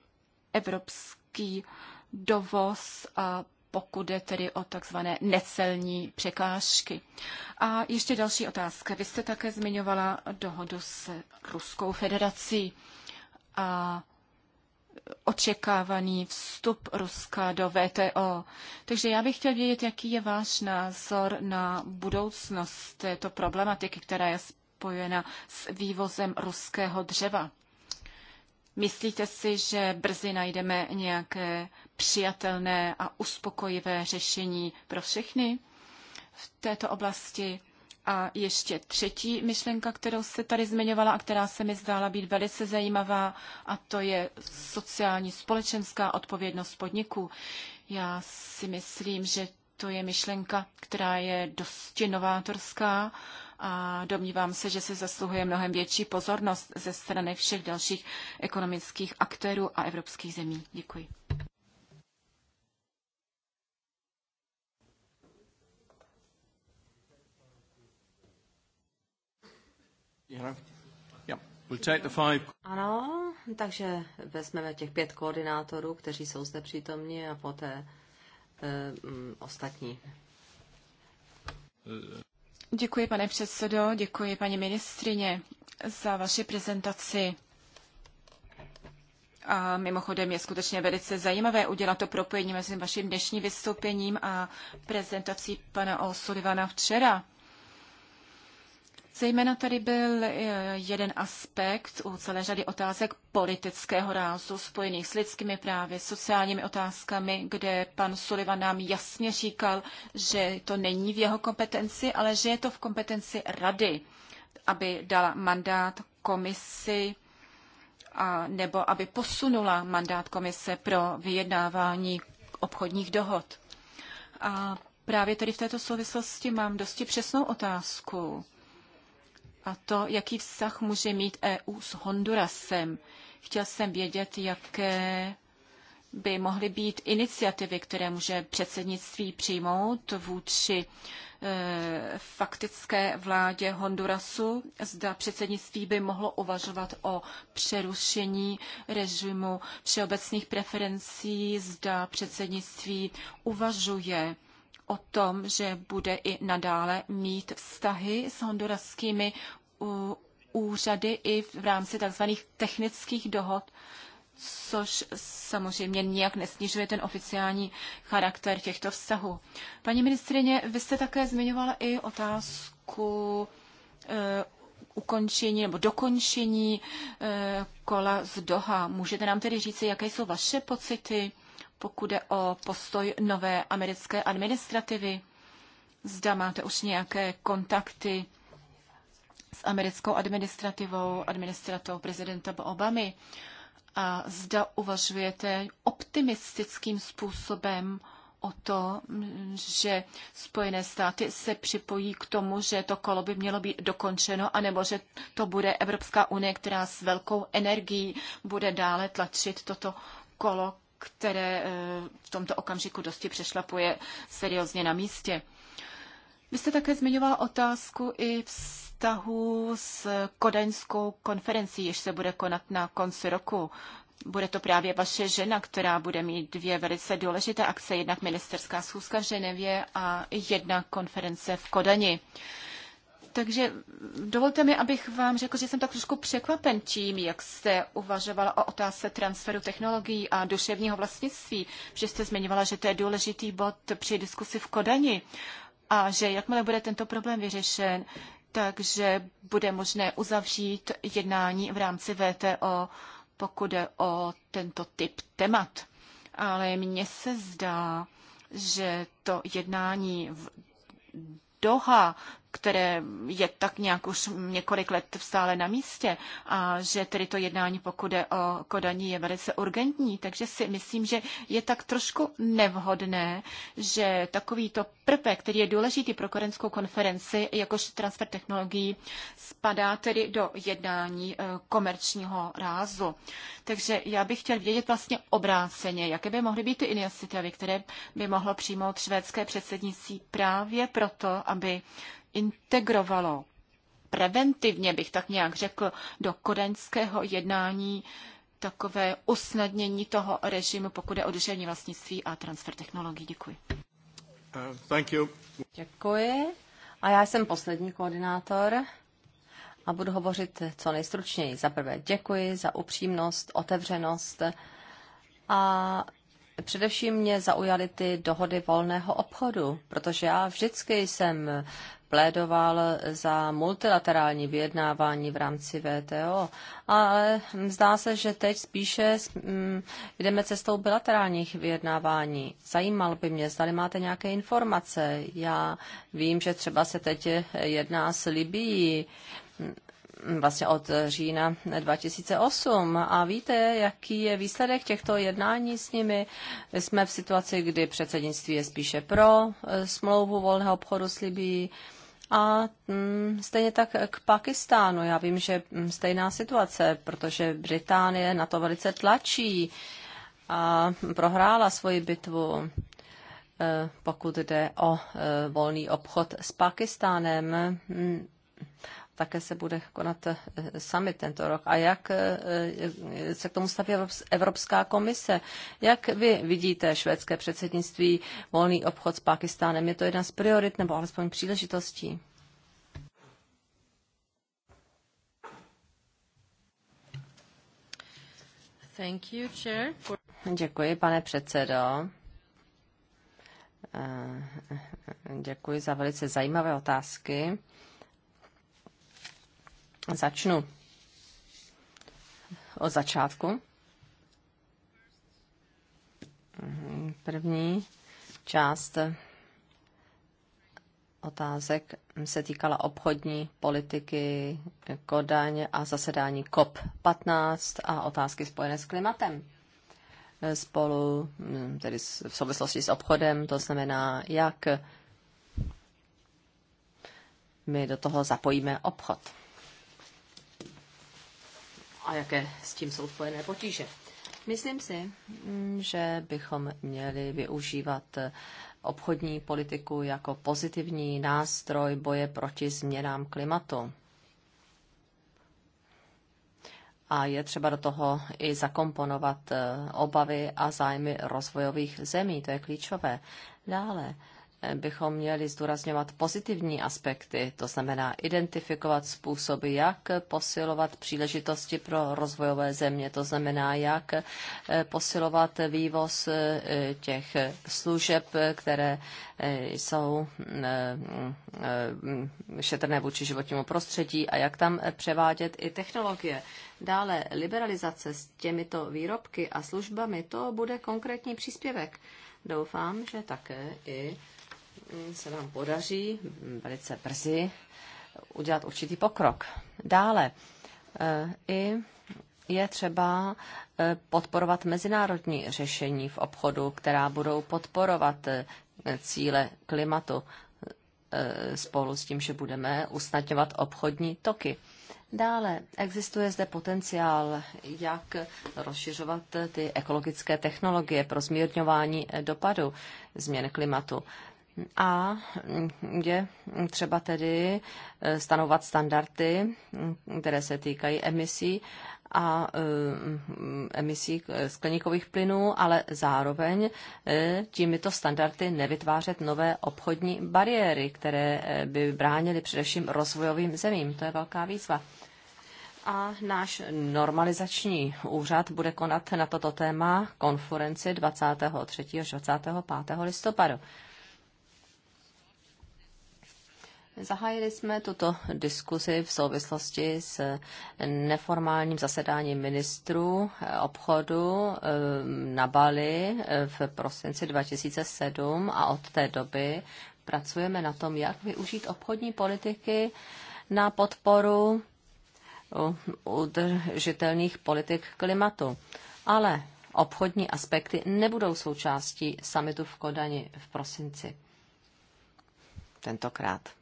evropský dovoz a pokud jde tedy o takzvané necelní překážky. A ještě další otázka. Vy jste také zmiňovala dohodu s Ruskou federací a očekávaný vstup Ruska do VTO. Takže já bych chtěl vědět, jaký je váš názor na budoucnost této problematiky, která je spojena s vývozem ruského dřeva. Myslíte si, že brzy najdeme nějaké přijatelné a uspokojivé řešení pro všechny v této oblasti? A ještě třetí myšlenka, kterou se tady zmiňovala a která se mi zdála být velice zajímavá, a to je sociální společenská odpovědnost podniků. Já si myslím, že to je myšlenka, která je dosti novátorská a domnívám se, že se zasluhuje mnohem větší pozornost ze strany všech dalších ekonomických aktérů a evropských zemí. Děkuji. Ano, takže vezmeme těch pět koordinátorů, kteří jsou zde přítomni a poté eh, mm, ostatní. Děkuji, pane předsedo, děkuji, paní ministrině, za vaši prezentaci. A mimochodem je skutečně velice zajímavé udělat to propojení mezi vaším dnešním vystoupením a prezentací pana O'Sullivana včera. Zejména tady byl eh, jeden aspekt u celé řady otázek politického rázu spojených s lidskými právy, sociálními otázkami, kde pan Sullivan nám jasně říkal, že to není v jeho kompetenci, ale že je to v kompetenci rady, aby dala mandát komisi a, nebo aby posunula mandát komise pro vyjednávání obchodních dohod. A právě tady v této souvislosti mám dosti přesnou otázku a to, jaký vztah může mít EU s Hondurasem. Chtěl jsem vědět, jaké by mohly být iniciativy, které může předsednictví přijmout vůči e, faktické vládě Hondurasu. Zda předsednictví by mohlo uvažovat o přerušení režimu všeobecných preferencí, zda předsednictví uvažuje o tom, že bude i nadále mít vztahy s honduraskými úřady i v rámci tzv. technických dohod, což samozřejmě nijak nesnižuje ten oficiální charakter těchto vztahů. Paní ministrině, vy jste také zmiňovala i otázku e, ukončení nebo dokončení e, kola z Doha. Můžete nám tedy říci, jaké jsou vaše pocity, pokud je o postoj nové americké administrativy? Zda máte už nějaké kontakty s americkou administrativou, administratou prezidenta Obamy. A zda uvažujete optimistickým způsobem o to, že Spojené státy se připojí k tomu, že to kolo by mělo být dokončeno, anebo že to bude Evropská unie, která s velkou energií bude dále tlačit toto kolo, které eh, v tomto okamžiku dosti přešlapuje seriózně na místě. Vy jste také zmiňoval otázku i v vztahů s kodaňskou konferencí, jež se bude konat na konci roku. Bude to právě vaše žena, která bude mít dvě velice důležité akce, jednak ministerská schůzka v Ženevě a jedna konference v Kodani. Takže dovolte mi, abych vám řekl, že jsem tak trošku překvapen tím, jak jste uvažovala o otázce transferu technologií a duševního vlastnictví, že jste zmiňovala, že to je důležitý bod při diskusi v Kodani a že jakmile bude tento problém vyřešen, takže bude možné uzavřít jednání v rámci VTO, pokud je o tento typ temat. Ale mně se zdá, že to jednání v Doha které je tak nějak už několik let stále na místě a že tedy to jednání, pokud je o Kodaní, je velice urgentní. Takže si myslím, že je tak trošku nevhodné, že takovýto prvek, který je důležitý pro korenskou konferenci, jakož transfer technologií, spadá tedy do jednání eh, komerčního rázu. Takže já bych chtěl vědět vlastně obráceně, jaké by mohly být ty iniciativy, které by mohlo přijmout švédské předsednictví právě proto, aby integrovalo preventivně, bych tak nějak řekl, do kodeňského jednání takové usnadnění toho režimu, pokud je o duševní vlastnictví a transfer technologií. Děkuji. Uh, thank you. Děkuji. A já jsem poslední koordinátor a budu hovořit co nejstručněji. Za prvé děkuji za upřímnost, otevřenost a Především mě zaujaly ty dohody volného obchodu, protože já vždycky jsem plédoval za multilaterální vyjednávání v rámci VTO, ale zdá se, že teď spíše mm, jdeme cestou bilaterálních vyjednávání. Zajímal by mě, zda máte nějaké informace. Já vím, že třeba se teď jedná s Libií mm, vlastně od října 2008. A víte, jaký je výsledek těchto jednání s nimi? Jsme v situaci, kdy předsednictví je spíše pro eh, smlouvu volného obchodu s Libií a mm, stejně tak k Pakistánu. Já vím, že mm, stejná situace, protože Británie na to velice tlačí a prohrála svoji bitvu, e, pokud jde o e, volný obchod s Pakistánem. Mm, také se bude konat eh, summit tento rok. A jak eh, eh, se k tomu staví Evropská komise? Jak vy vidíte švédské předsednictví, volný obchod s Pakistánem? Je to jedna z priorit nebo alespoň příležitostí? Thank you, chair, for... Děkuji, pane předsedo. Děkuji za velice zajímavé otázky. Začnu od začátku. První část otázek se týkala obchodní politiky Kodaň a zasedání COP15 a otázky spojené s klimatem. Spolu, tedy v souvislosti s obchodem, to znamená, jak my do toho zapojíme obchod a jaké s tím jsou spojené potíže. Myslím si, mm, že bychom měli využívat eh, obchodní politiku jako pozitivní nástroj boje proti změnám klimatu. A je třeba do toho i zakomponovat eh, obavy a zájmy rozvojových zemí, to je klíčové. Dále bychom měli zdůrazňovat pozitivní aspekty, to znamená identifikovat způsoby, jak posilovat příležitosti pro rozvojové země, to znamená, jak eh, posilovat vývoz eh, těch služeb, které eh, jsou mm, mm, šetrné vůči životnímu prostředí a jak tam převádět i technologie. Dále liberalizace s těmito výrobky a službami, to bude konkrétní příspěvek. Doufám, že také i se nám podaří velice brzy udělat určitý pokrok. Dále eh, i je třeba eh, podporovat mezinárodní řešení v obchodu, která budou podporovat eh, cíle klimatu spolu s tím, že budeme usnadňovat obchodní toky. Dále existuje zde potenciál, jak rozšiřovat ty ekologické technologie pro zmírňování dopadu změn klimatu a je třeba tedy eh, stanovat standardy, mm, které se týkají emisí a eh, emisí eh, skleníkových plynů, ale zároveň těmito standardy nevytvářet nové obchodní bariéry, které by bránily především rozvojovým zemím. To je velká výzva. A náš normalizační úřad bude konat na toto téma konferenci 23. až 25. listopadu. Zahájili jsme tuto diskusi v souvislosti s neformálním zasedáním ministrů obchodu eh, na Bali eh, v prosinci 2007 a od té doby pracujeme na tom, jak využít obchodní politiky na podporu eh, udržitelných politik klimatu. Ale obchodní aspekty nebudou součástí samitu v Kodani v prosinci. Tentokrát.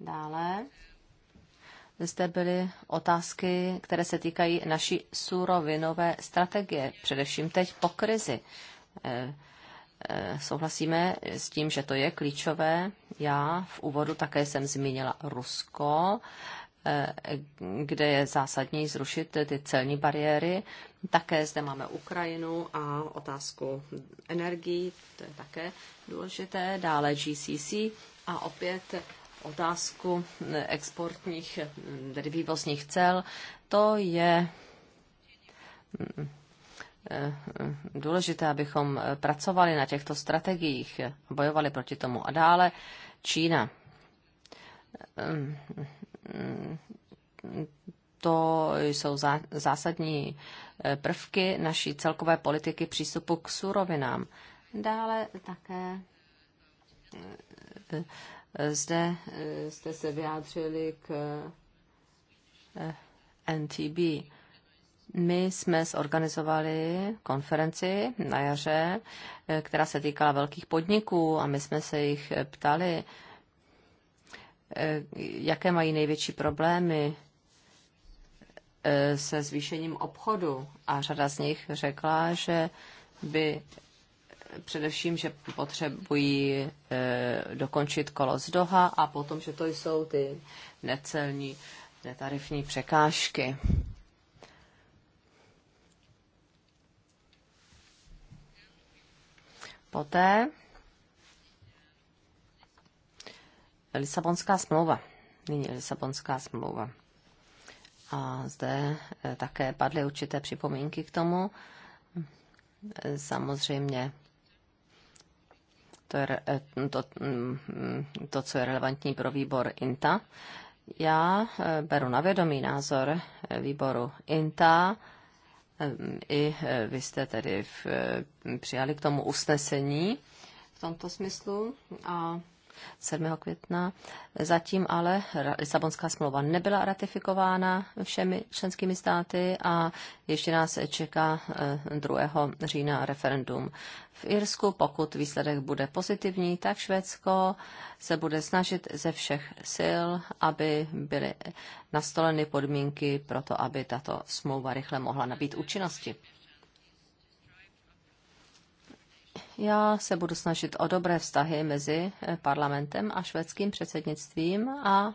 Dále zde byly otázky, které se týkají naší surovinové strategie, především teď po krizi. Eh, eh, souhlasíme s tím, že to je klíčové. Já v úvodu také jsem zmínila Rusko, eh, kde je zásadní zrušit ty celní bariéry. Také zde máme Ukrajinu a otázku energií, to je také důležité. Dále GCC a opět otázku eh, exportních, eh, tedy vývozních cel, to je mm, eh, důležité, abychom pracovali na těchto strategiích, bojovali proti tomu. A dále Čína. To jsou zásadní prvky naší celkové politiky přístupu k surovinám. Dále také zde eh, jste se vyjádřili k eh, NTB. My jsme zorganizovali konferenci na jaře, eh, která se týkala velkých podniků a my jsme se jich ptali, jaké mají největší problémy se zvýšením obchodu. A řada z nich řekla, že by především, že potřebují eh, dokončit kolo z Doha a potom, že to jsou ty necelní netarifní překážky. Poté Lisabonská smlouva. Nyní Lisabonská smlouva. A zde eh, také padly určité připomínky k tomu. Hm, samozřejmě to, je, eh, to, mm, mm, to, co je relevantní pro výbor INTA. Já eh, beru na vědomý názor eh, výboru INTA. I vy jste tedy v, přijali k tomu usnesení v tomto smyslu a 7. května. Zatím ale Lisabonská smlouva nebyla ratifikována všemi členskými státy a ještě nás čeká 2. Eh, října referendum v Irsku. Pokud výsledek bude pozitivní, tak Švédsko se bude snažit ze všech sil, aby byly nastoleny podmínky pro to, aby tato smlouva rychle mohla nabít účinnosti. Já se budu snažit o dobré vztahy mezi eh, parlamentem a švédským předsednictvím a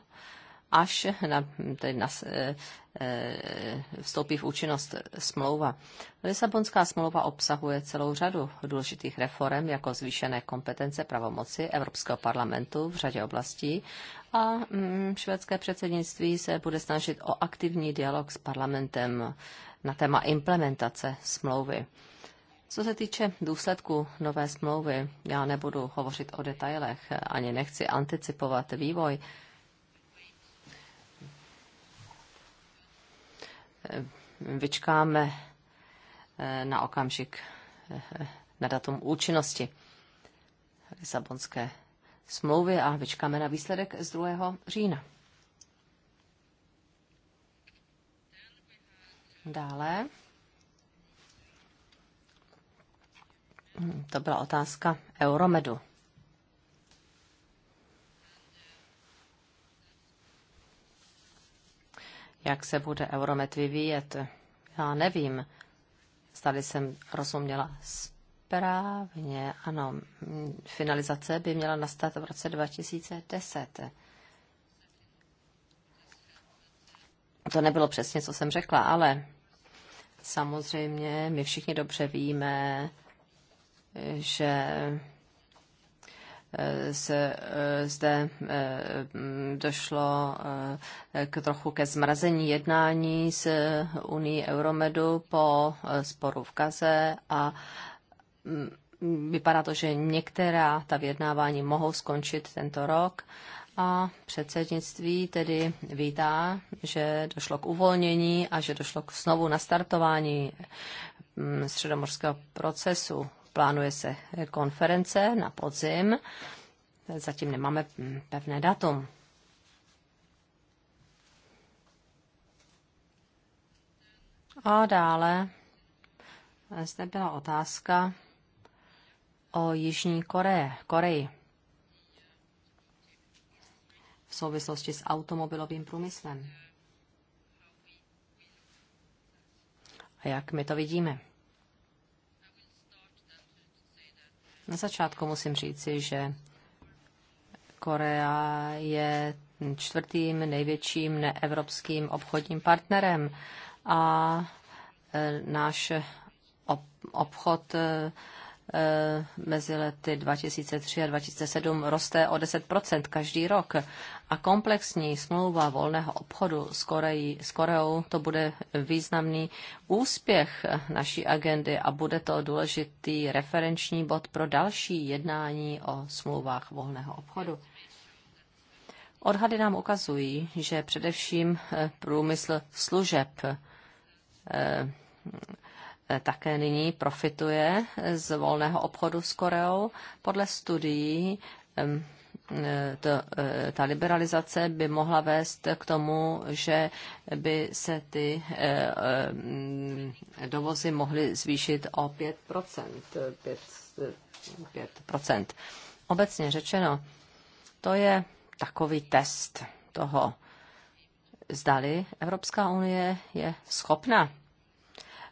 až na, tedy na, eh, eh, vstoupí v účinnost smlouva. Lisabonská smlouva obsahuje celou řadu důležitých reform, jako zvýšené kompetence pravomoci Evropského parlamentu v řadě oblastí a mm, švédské předsednictví se bude snažit o aktivní dialog s parlamentem na téma implementace smlouvy. Co se týče důsledku nové smlouvy, já nebudu hovořit o detailech, ani nechci anticipovat vývoj. Vyčkáme eh, na okamžik, eh, na datum účinnosti Lisabonské smlouvy a vyčkáme na výsledek z 2. října. Dále To byla otázka Euromedu. Jak se bude Euromed vyvíjet? Já nevím. Tady jsem rozuměla správně. Ano, finalizace by měla nastat v roce 2010. To nebylo přesně, co jsem řekla, ale samozřejmě my všichni dobře víme, že eh, se eh, zde eh, došlo k trochu ke zmrazení jednání s Unii Euromedu po sporu v Kaze a mm, vypadá to, že některá ta vyjednávání mohou skončit tento rok a předsednictví tedy vítá, že došlo k uvolnění a že došlo k znovu nastartování mm, středomorského procesu plánuje se konference na podzim. Zatím nemáme pevné datum. A dále zde byla otázka o Jižní Koreje, Koreji v souvislosti s automobilovým průmyslem. A jak my to vidíme? Na začátku musím říci, že Korea je čtvrtým největším neevropským obchodním partnerem a e, náš obchod e, Eh, mezi lety 2003 a 2007 roste o 10 každý rok. A komplexní smlouva volného obchodu s, Koreji, s Koreou to bude významný úspěch naší agendy a bude to důležitý referenční bod pro další jednání o smlouvách volného obchodu. Odhady nám ukazují, že především eh, průmysl služeb eh, také nyní profituje z volného obchodu s Koreou. Podle studií eh, to, eh, ta liberalizace by mohla vést k tomu, že by se ty eh, dovozy mohly zvýšit o 5 5, 5 Obecně řečeno, to je takový test toho, zdali Evropská unie je schopna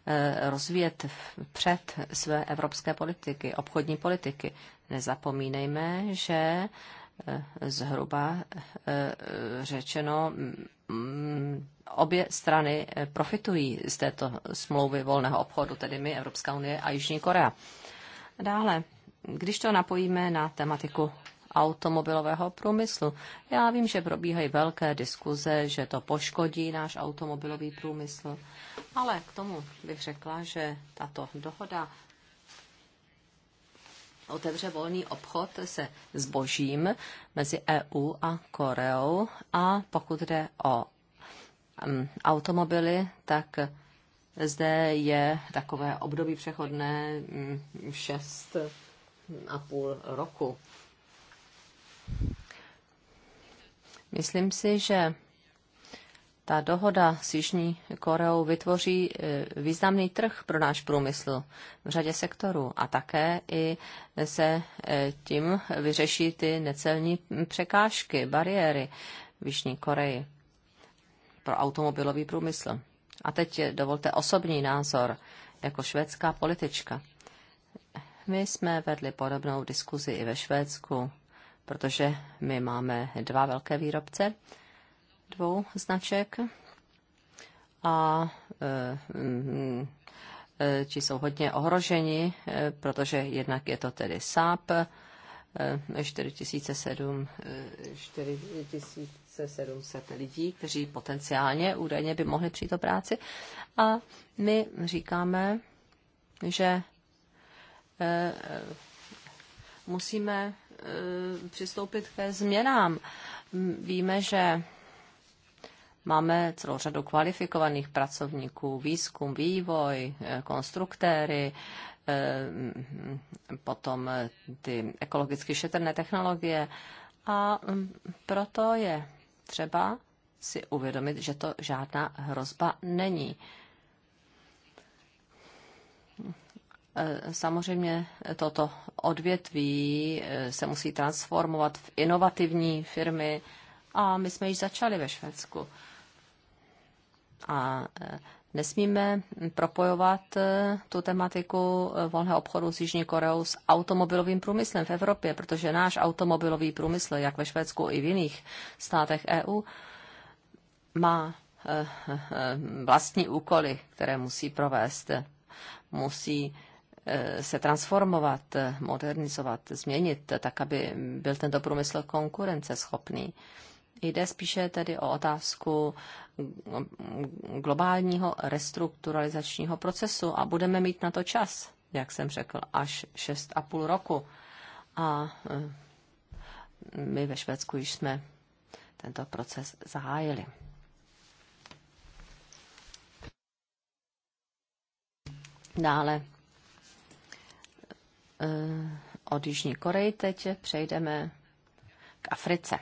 Eh, rozvíjet před své evropské politiky, obchodní politiky. Nezapomínejme, že eh, zhruba eh, řečeno mm, mm, obě strany profitují z této smlouvy volného obchodu, tedy my, Evropská unie a Jižní Korea. Dále, když to napojíme na tematiku automobilového průmyslu. Já vím, že probíhají velké diskuze, že to poškodí náš automobilový průmysl. Ale k tomu bych řekla, že tato dohoda otevře volný obchod se zbožím mezi EU a Koreou a pokud jde o mm, automobily, tak zde je takové období přechodné 6 mm, a půl roku. Myslím si, že ta dohoda s Jižní Koreou vytvoří eh, významný trh pro náš průmysl v řadě sektorů a také i se eh, tím vyřeší ty necelní překážky, bariéry v Jižní Koreji pro automobilový průmysl. A teď dovolte osobní názor jako švédská politička. My jsme vedli podobnou diskuzi i ve Švédsku, protože my máme dva velké výrobce dvou značek a či e, mm, e, jsou hodně ohroženi, e, protože jednak je to tedy SAP 4007, 4700 lidí, kteří potenciálně údajně by mohli přijít o práci. A my říkáme, že musíme přistoupit ke změnám. Víme, že Máme celou řadu kvalifikovaných pracovníků, výzkum, vývoj, eh, konstruktéry, eh, potom eh, ty ekologicky šetrné technologie. A mm, proto je třeba si uvědomit, že to žádná hrozba není. Samozřejmě toto odvětví se musí transformovat v inovativní firmy a my jsme již začali ve Švédsku. A e, nesmíme propojovat e, tu tematiku e, volného obchodu s Jižní Koreou s automobilovým průmyslem v Evropě, protože náš automobilový průmysl, jak ve Švédsku i v jiných státech EU, má vlastní úkoly, které musí provést. Musí se transformovat, modernizovat, změnit, tak aby byl tento průmysl konkurenceschopný. schopný Jde spíše tedy o otázku globálního restrukturalizačního procesu a budeme mít na to čas, jak jsem řekl, až 6,5 roku. A e, my ve Švédsku již jsme tento proces zahájili. Dále e, od Jižní Koreji teď přejdeme k Africe.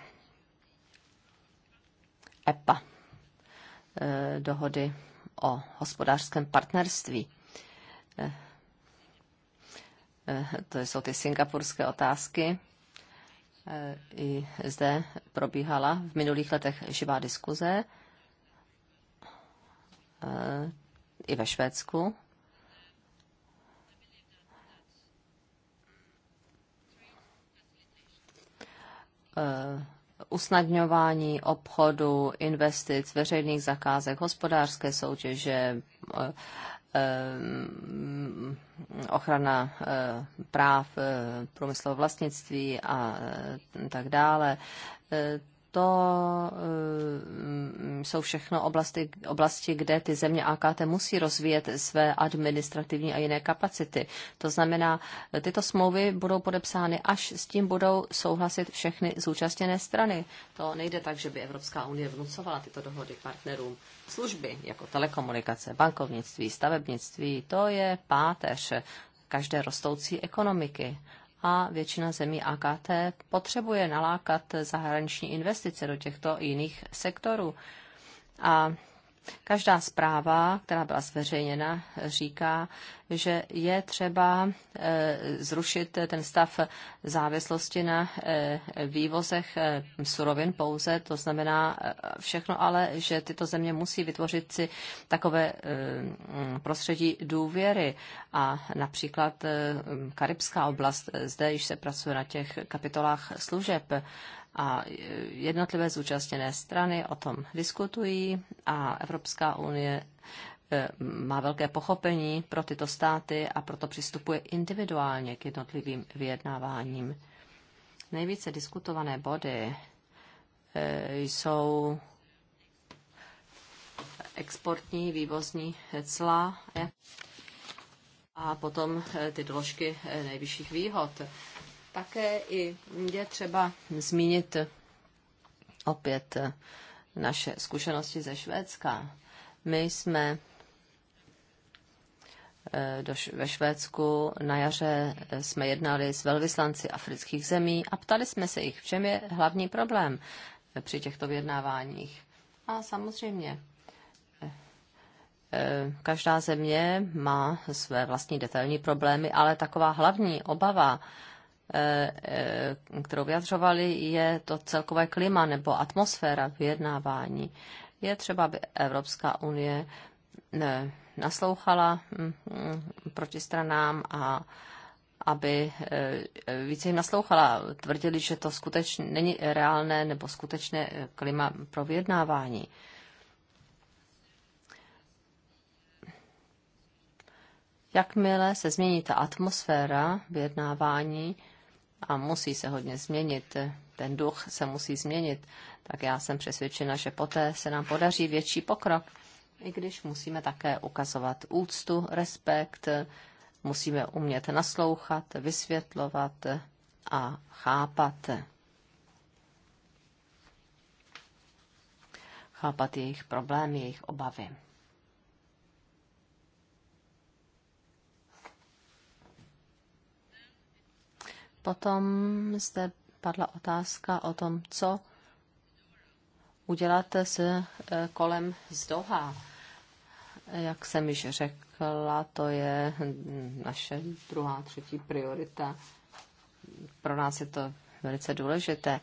EPA, e, dohody o hospodářském partnerství. E, e, to jsou ty singapurské otázky. I zde probíhala v minulých letech živá diskuze i ve Švédsku. Uh, usnadňování obchodu, investic, veřejných zakázek, hospodářské soutěže, eh, eh, ochrana eh, práv průmyslového vlastnictví a tak dále to eh, jsou všechno oblasti, oblasti, kde ty země AKT musí rozvíjet své administrativní a jiné kapacity. To znamená, tyto smlouvy budou podepsány, až s tím budou souhlasit všechny zúčastněné strany. To nejde tak, že by Evropská unie vnucovala tyto dohody partnerům. Služby jako telekomunikace, bankovnictví, stavebnictví, to je páteř každé rostoucí ekonomiky a většina zemí AKT potřebuje nalákat zahraniční investice do těchto jiných sektorů. A Každá zpráva, která byla zveřejněna, říká, že je třeba eh, zrušit ten stav závislosti na eh, vývozech eh, surovin pouze, to znamená všechno, ale že tyto země musí vytvořit si takové prostředí důvěry a například Karibská oblast, zde již se pracuje na těch kapitolách služeb a jednotlivé zúčastněné strany o tom diskutují a Evropská unie eh, má velké pochopení pro tyto státy a proto přistupuje individuálně k jednotlivým vyjednáváním. Nejvíce diskutované body eh, jsou exportní, vývozní cla a potom eh, ty doložky nejvyšších výhod. Také i je třeba zmínit opět naše zkušenosti ze Švédska. My jsme eh, do, ve Švédsku na jaře eh, jsme jednali s velvyslanci afrických zemí a ptali jsme se jich, v čem je hlavní problém eh, při těchto vyjednáváních. A samozřejmě každá země má své vlastní detailní problémy, ale taková hlavní obava Eh, eh, kterou vyjadřovali, je to celkové klima nebo atmosféra vyjednávání. Je třeba, aby Evropská unie eh, naslouchala mm, mm, protistranám a aby více jim naslouchala. Tvrdili, že to skutečně není reálné nebo skutečné klima pro vyjednávání. Jakmile se změní ta atmosféra vyjednávání, a musí se hodně změnit, ten duch se musí změnit, tak já jsem přesvědčena, že poté se nám podaří větší pokrok, i když musíme také ukazovat úctu, respekt, musíme umět naslouchat, vysvětlovat a chápat. Chápat jejich problémy, jejich obavy. Potom zde padla otázka o tom, co udělat s eh, kolem zdoha. Jak jsem již řekla, to je naše druhá, třetí priorita. Pro nás je to velice důležité.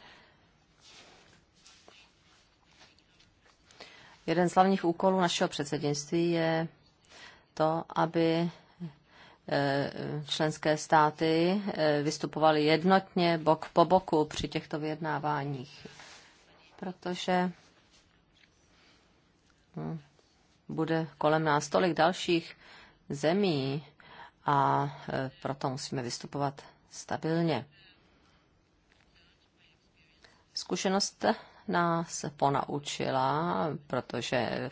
Jeden z hlavních úkolů našeho předsednictví je to, aby Eh, členské státy eh, vystupovaly jednotně bok po boku při těchto vyjednáváních, protože hm, bude kolem nás tolik dalších zemí a eh, proto musíme vystupovat stabilně. Zkušenost nás ponaučila, protože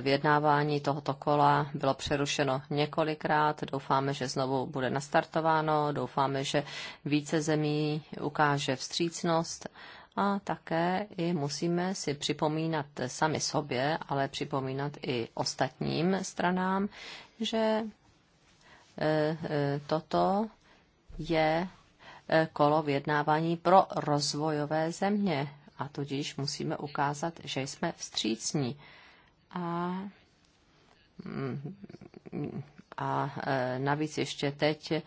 vyjednávání tohoto kola bylo přerušeno několikrát. Doufáme, že znovu bude nastartováno, doufáme, že více zemí ukáže vstřícnost a také i musíme si připomínat sami sobě, ale připomínat i ostatním stranám, že eh, eh, toto je eh, kolo vyjednávání pro rozvojové země, a tudíž musíme ukázat, že jsme vstřícní. A mm, a e, navíc ještě teď e,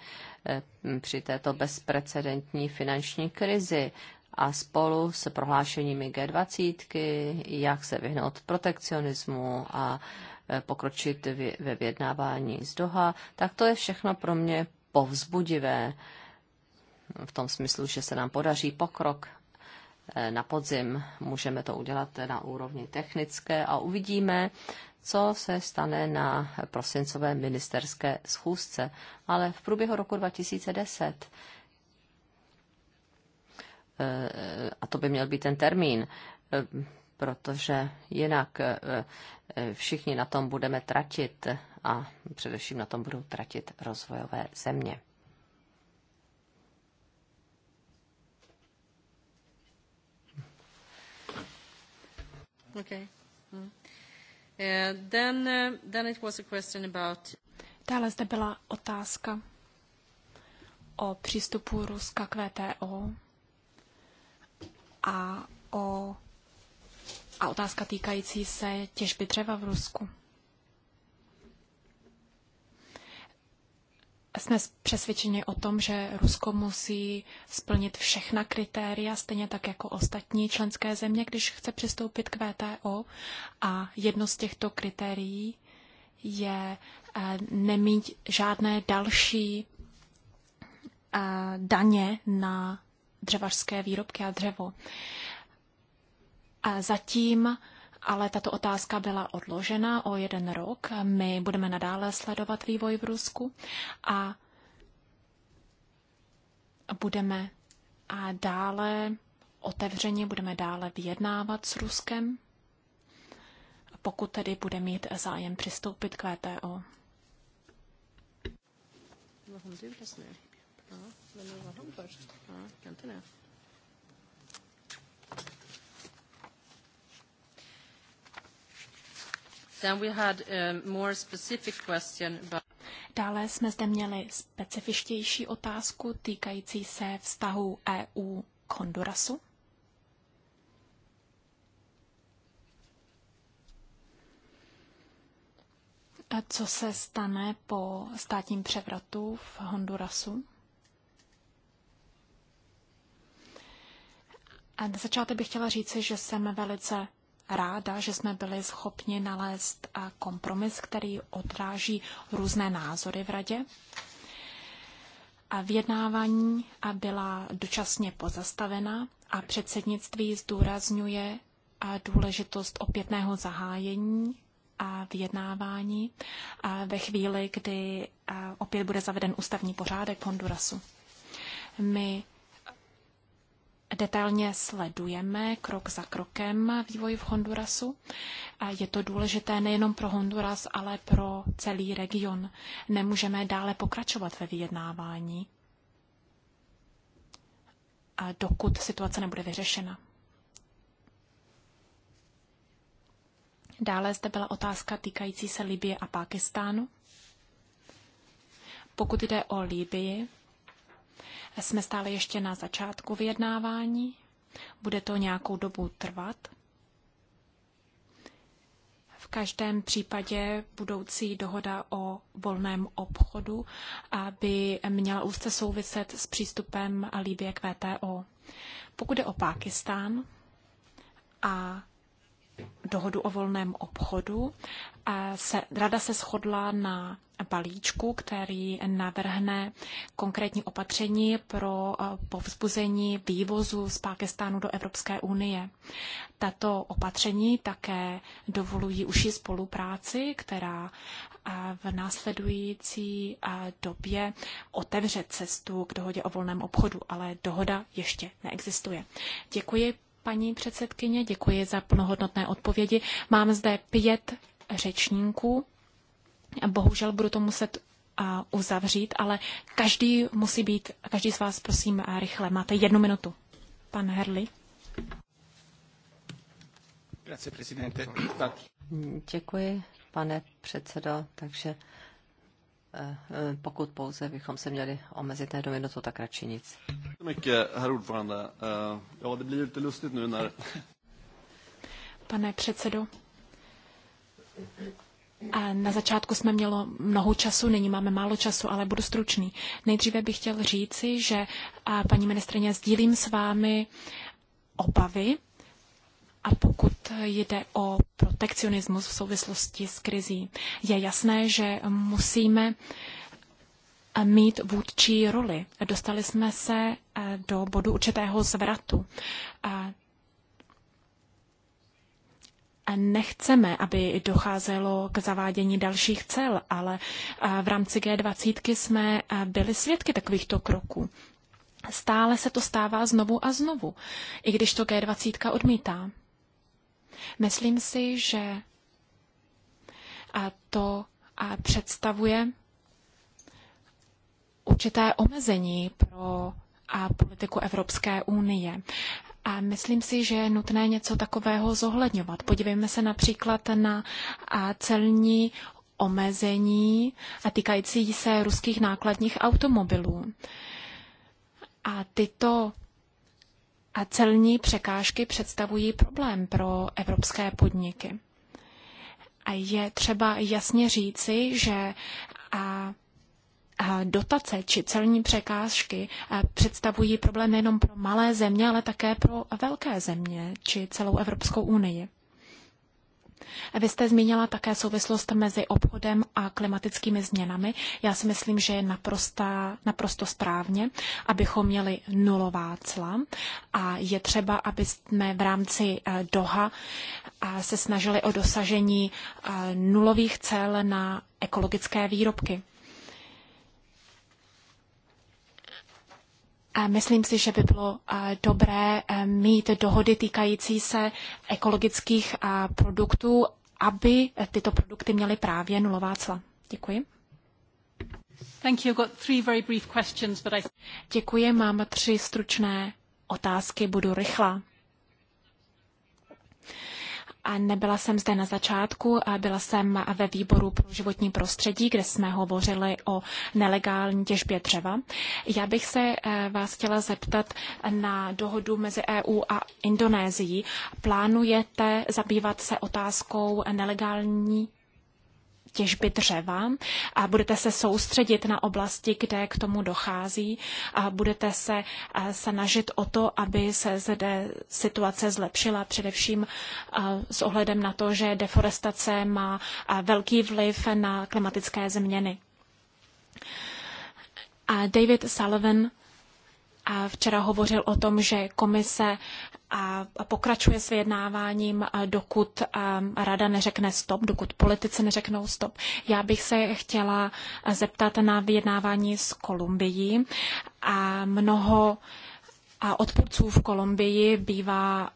při této bezprecedentní finanční krizi a spolu s prohlášeními G20, jak se vyhnout protekcionismu a e, pokročit ve vyjednávání z Doha, tak to je všechno pro mě povzbudivé v tom smyslu, že se nám podaří pokrok Eh, na podzim. Můžeme to udělat na úrovni technické a uvidíme, co se stane na prosincové ministerské schůzce. Ale v průběhu roku 2010 eh, a to by měl být ten termín, eh, protože jinak všichni na tom budeme tratit a především na tom budou tratit rozvojové země. Okay. Mm. Uh, then, uh, then it was a question about... Dále zde byla otázka o přístupu Ruska k VTO a o a otázka týkající se těžby dřeva v Rusku. jsme přesvědčeni o tom, že Rusko musí splnit všechna kritéria, stejně tak jako ostatní členské země, když chce přistoupit k VTO. A jedno z těchto kritérií je eh, nemít žádné další eh, daně na dřevařské výrobky a dřevo. A zatím ale tato otázka byla odložena o jeden rok. My budeme nadále sledovat vývoj v Rusku a budeme a dále otevřeně budeme dále vyjednávat s Ruskem, pokud tedy bude mít zájem přistoupit k VTO. Vad har du läst nu? Ja, men vad har hon först? Uh, Dále jsme zde měli specifičtější otázku týkající se vztahu EU k Hondurasu. co se stane po státním převratu v Hondurasu? A na začátek bych chtěla říci, že jsem velice ráda, že jsme byli schopni nalézt eh, kompromis, který odráží různé názory v radě. A vyjednávání a eh, byla dočasně pozastavena a předsednictví zdůrazňuje eh, důležitost opětného zahájení a vyjednávání ve chvíli, kdy opět bude zaveden ústavní pořádek Hondurasu. My detailně sledujeme krok za krokem vývoj v Hondurasu. je to důležité nejenom pro Honduras, ale pro celý region. Nemůžeme dále pokračovat ve vyjednávání, dokud situace nebude vyřešena. Dále zde byla otázka týkající se Libie a Pákistánu. Pokud jde o Libii, jsme stále ještě na začátku vyjednávání. Bude to nějakou dobu trvat. V každém případě budoucí dohoda o volném obchodu by měla úzce souviset s přístupem Líbě k VTO. Pokud je o Pákistán a dohodu o volném obchodu. Se, rada se shodla na balíčku, který navrhne konkrétní opatření pro eh, povzbuzení vývozu z Pákistánu do Evropské unie. Tato opatření také dovolují užší spolupráci, která eh, v následující eh, době otevře cestu k dohodě o volném obchodu, ale dohoda ještě neexistuje. Děkuji Paní předsedkyně, děkuji za plnohodnotné odpovědi. Mám zde pět řečníků. Bohužel budu to muset uzavřít, ale každý musí být, každý z vás, prosím, rychle. Máte jednu minutu. Pan Herli. Děkuji, pane předsedo. Takže Eh, pokud pouze bychom se měli omezit na jednu tak radši nic. Eh, Pane předsedo, a eh, na začátku jsme mělo mnoho času, nyní máme málo času, ale budu stručný. Nejdříve bych chtěl říci, že paní ministrině sdílím s vámi obavy, a pokud jde o protekcionismus v souvislosti s krizí, je jasné, že musíme mít vůdčí roli. Dostali jsme se eh, do bodu určitého zvratu. Nechceme, aby docházelo k zavádění dalších cel, ale eh, v rámci G20 jsme eh, byli svědky takovýchto kroků. Stále se to stává znovu a znovu, i když to G20 odmítá. Myslím si, že to představuje určité omezení pro politiku Evropské unie. A myslím si, že je nutné něco takového zohledňovat. Podívejme se například na celní omezení a týkající se ruských nákladních automobilů. A tyto a celní překážky představují problém pro evropské podniky. A je třeba jasně říci, že a dotace či celní překážky představují problém nejenom pro malé země, ale také pro velké země či celou Evropskou unii. Vy jste zmínila také souvislost mezi obchodem a klimatickými změnami. Já si myslím, že je naprosta, naprosto správně, abychom měli nulová cla a je třeba, aby jsme v rámci eh, Doha eh, se snažili o dosažení eh, nulových cel na ekologické výrobky. Myslím si, že by bylo dobré mít dohody týkající se ekologických produktů, aby tyto produkty měly právě nulová cla. Děkuji. Thank you. Got three very brief questions, but I... Děkuji, mám tři stručné otázky, budu rychlá. A nebyla jsem zde na začátku, byla jsem ve výboru pro životní prostředí, kde jsme hovořili o nelegální těžbě dřeva. Já bych se eh, vás chtěla zeptat na dohodu mezi EU a Indonésií. Plánujete zabývat se otázkou nelegální těžby dřeva a budete se soustředit na oblasti, kde k tomu dochází a budete se snažit o to, aby se zde situace zlepšila, především s ohledem na to, že deforestace má velký vliv na klimatické změny. A David Sullivan a včera hovořil o tom, že komise a pokračuje s vyjednáváním, dokud rada neřekne stop, dokud politici neřeknou stop. Já bych se chtěla zeptat na vyjednávání s Kolumbií a mnoho odpůrců v Kolumbii bývá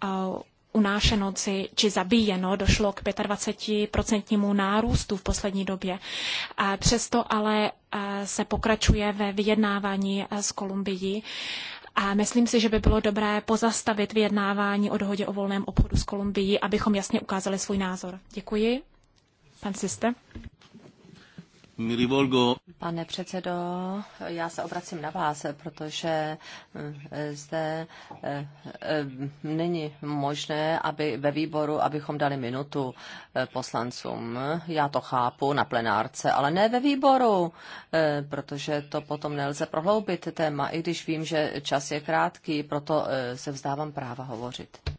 unášeno či zabíjeno, došlo k 25% nárůstu v poslední době. Přesto ale se pokračuje ve vyjednávání s Kolumbií a myslím si, že by bylo dobré pozastavit vyjednávání o dohodě o volném obchodu s Kolumbií, abychom jasně ukázali svůj názor. Děkuji. Pan Siste. Pane předsedo, já se obracím na vás, protože eh, zde eh, eh, není možné, aby ve výboru, abychom dali minutu poslancům. Já to chápu na plenárce, ale ne ve výboru, protože to potom nelze prohloubit téma, i když vím, že čas je krátký, proto se vzdávám práva hovořit.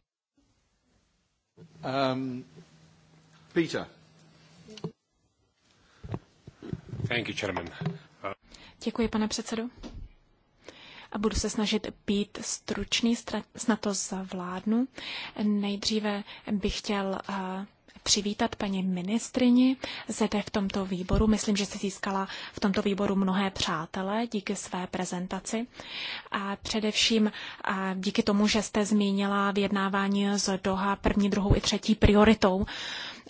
Um, Peter. Děkuji, pane předsedo. A budu se snažit být stručný, snad to zavládnu. Nejdříve bych chtěl eh, přivítat paní ministrini zde v tomto výboru. Myslím, že si získala v tomto výboru mnohé přátelé díky své prezentaci. A především a díky tomu, že jste zmínila vyjednávání z Doha první, druhou i třetí prioritou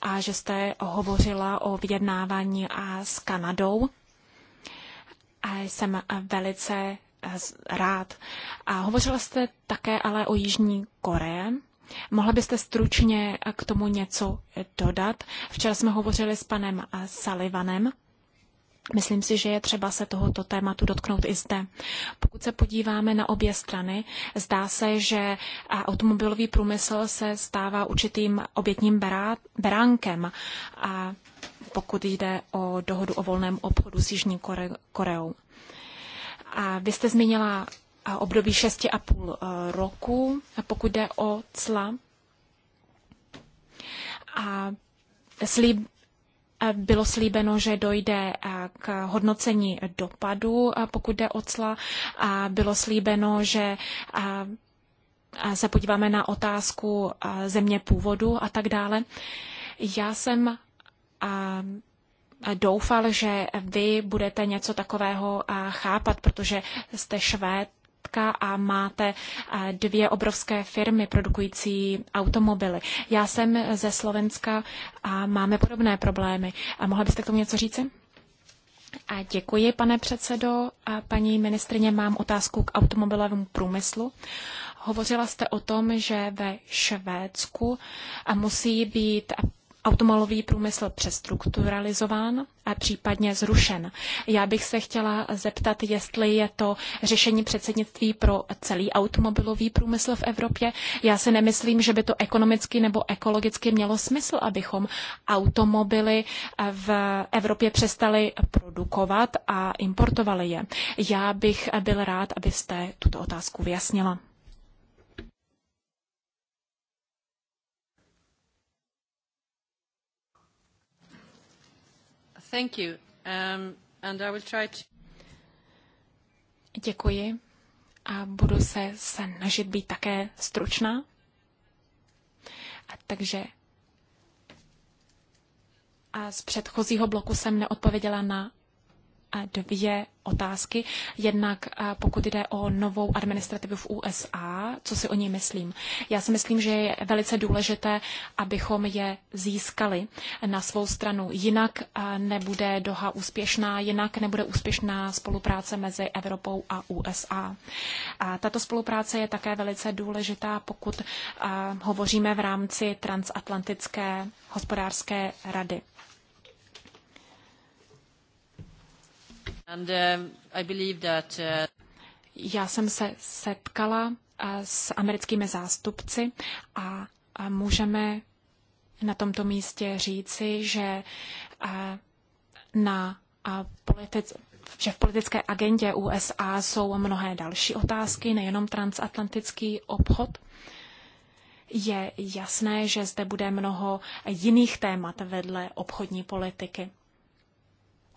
a že jste hovořila o vyjednávání a s Kanadou. A jsem velice eh, rád. A hovořila jste také ale o Jižní Koreji Mohla byste stručně k tomu něco dodat? Včera jsme hovořili s panem Salivanem. Myslím si, že je třeba se tohoto tématu dotknout i zde. Pokud se podíváme na obě strany, zdá se, že automobilový průmysl se stává určitým obětním beránkem, a pokud jde o dohodu o volném obchodu s Jižní Koreou. A vy jste zmínila období 6,5 eh, roku, pokud jde o cla. A slib, eh, bylo slíbeno, že dojde eh, k hodnocení dopadu, pokud jde o cla. A bylo slíbeno, že se podíváme na otázku země původu a tak dále. Já jsem doufal, že vy budete něco takového chápat, protože jste švéd matka a máte eh, dvě obrovské firmy produkující automobily. Já jsem ze Slovenska a máme podobné problémy. A mohla byste k tomu něco říci? A děkuji, pane předsedo. A paní ministrině, mám otázku k automobilovému průmyslu. Hovořila jste o tom, že ve Švédsku musí být automobilový průmysl přestrukturalizován a případně zrušen. Já bych se chtěla zeptat, jestli je to řešení předsednictví pro celý automobilový průmysl v Evropě. Já si nemyslím, že by to ekonomicky nebo ekologicky mělo smysl, abychom automobily v Evropě přestali produkovat a importovali je. Já bych byl rád, abyste tuto otázku vyjasnila. Thank you. Um, and I will try to... Děkuji a budu se snažit být také stručná. A takže a z předchozího bloku jsem neodpověděla na dvě otázky. Jednak pokud jde o novou administrativu v USA, co si o ní myslím. Já si myslím, že je velice důležité, abychom je získali na svou stranu. Jinak nebude doha úspěšná, jinak nebude úspěšná spolupráce mezi Evropou a USA. A tato spolupráce je také velice důležitá, pokud hovoříme v rámci transatlantické hospodářské rady. And, uh, I believe that, uh... Já jsem se setkala uh, s americkými zástupci a můžeme na tomto místě říci, že uh, na politic, že v politické agendě USA jsou mnohé další otázky, nejenom transatlantický obchod. Je jasné, že zde bude mnoho jiných témat vedle obchodní politiky.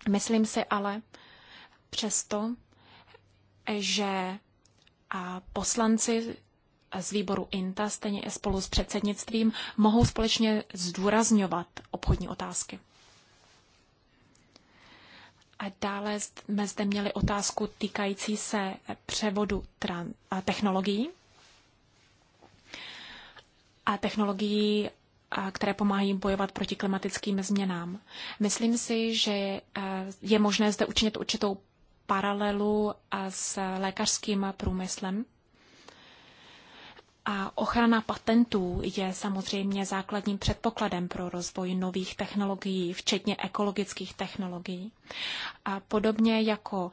Myslím si ale, přesto, že poslanci z výboru INTA, stejně i spolu s předsednictvím, mohou společně zdůrazňovat obchodní otázky. A dále jsme zde měli otázku týkající se převodu technologií a technologií, které pomáhají bojovat proti klimatickým změnám. Myslím si, že je možné zde učinit určitou paralelu s lékařským průmyslem. A ochrana patentů je samozřejmě základním předpokladem pro rozvoj nových technologií, včetně ekologických technologií. A podobně jako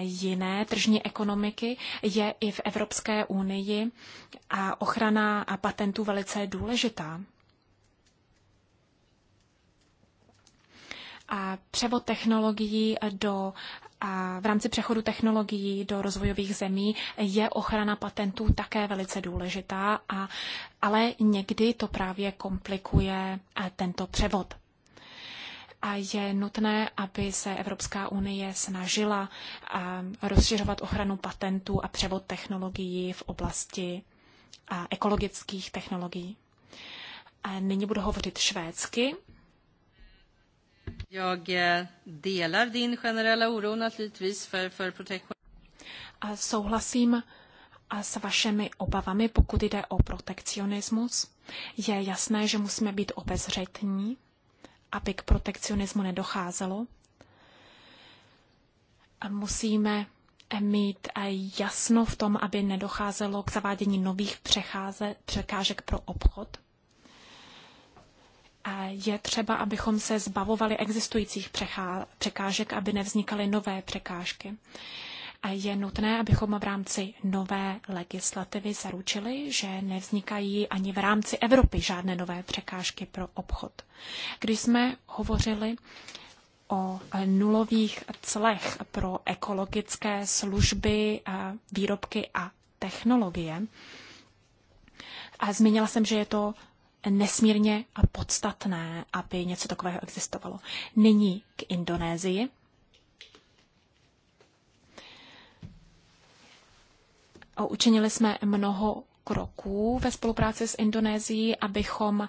jiné tržní ekonomiky je i v Evropské unii a ochrana patentů velice důležitá. A převod technologií do v rámci přechodu technologií do rozvojových zemí je ochrana patentů také velice důležitá, a, ale někdy to právě komplikuje eh, tento převod. A je nutné, aby se Evropská unie snažila eh, rozšiřovat ochranu patentů a převod technologií v oblasti eh, ekologických technologií. Nyní budu hovořit švédsky. Jag eh, delar din generella oro naturligtvis för, för protektion. A souhlasím a s vašemi obavami, pokud jde o protekcionismus. Je jasné, že musíme být obezřetní, aby k protekcionismu nedocházelo. A musíme eh, mít eh, jasno v tom, aby nedocházelo k zavádění nových překážek pro obchod je třeba, abychom se zbavovali existujících překážek, aby nevznikaly nové překážky. A je nutné, abychom v rámci nové legislativy zaručili, že nevznikají ani v rámci Evropy žádné nové překážky pro obchod. Když jsme hovořili o nulových clech pro ekologické služby, výrobky a technologie, a zmínila jsem, že je to nesmírně podstatné, aby něco takového existovalo. Nyní k Indonésii. Učinili jsme mnoho kroků ve spolupráci s Indonésií, abychom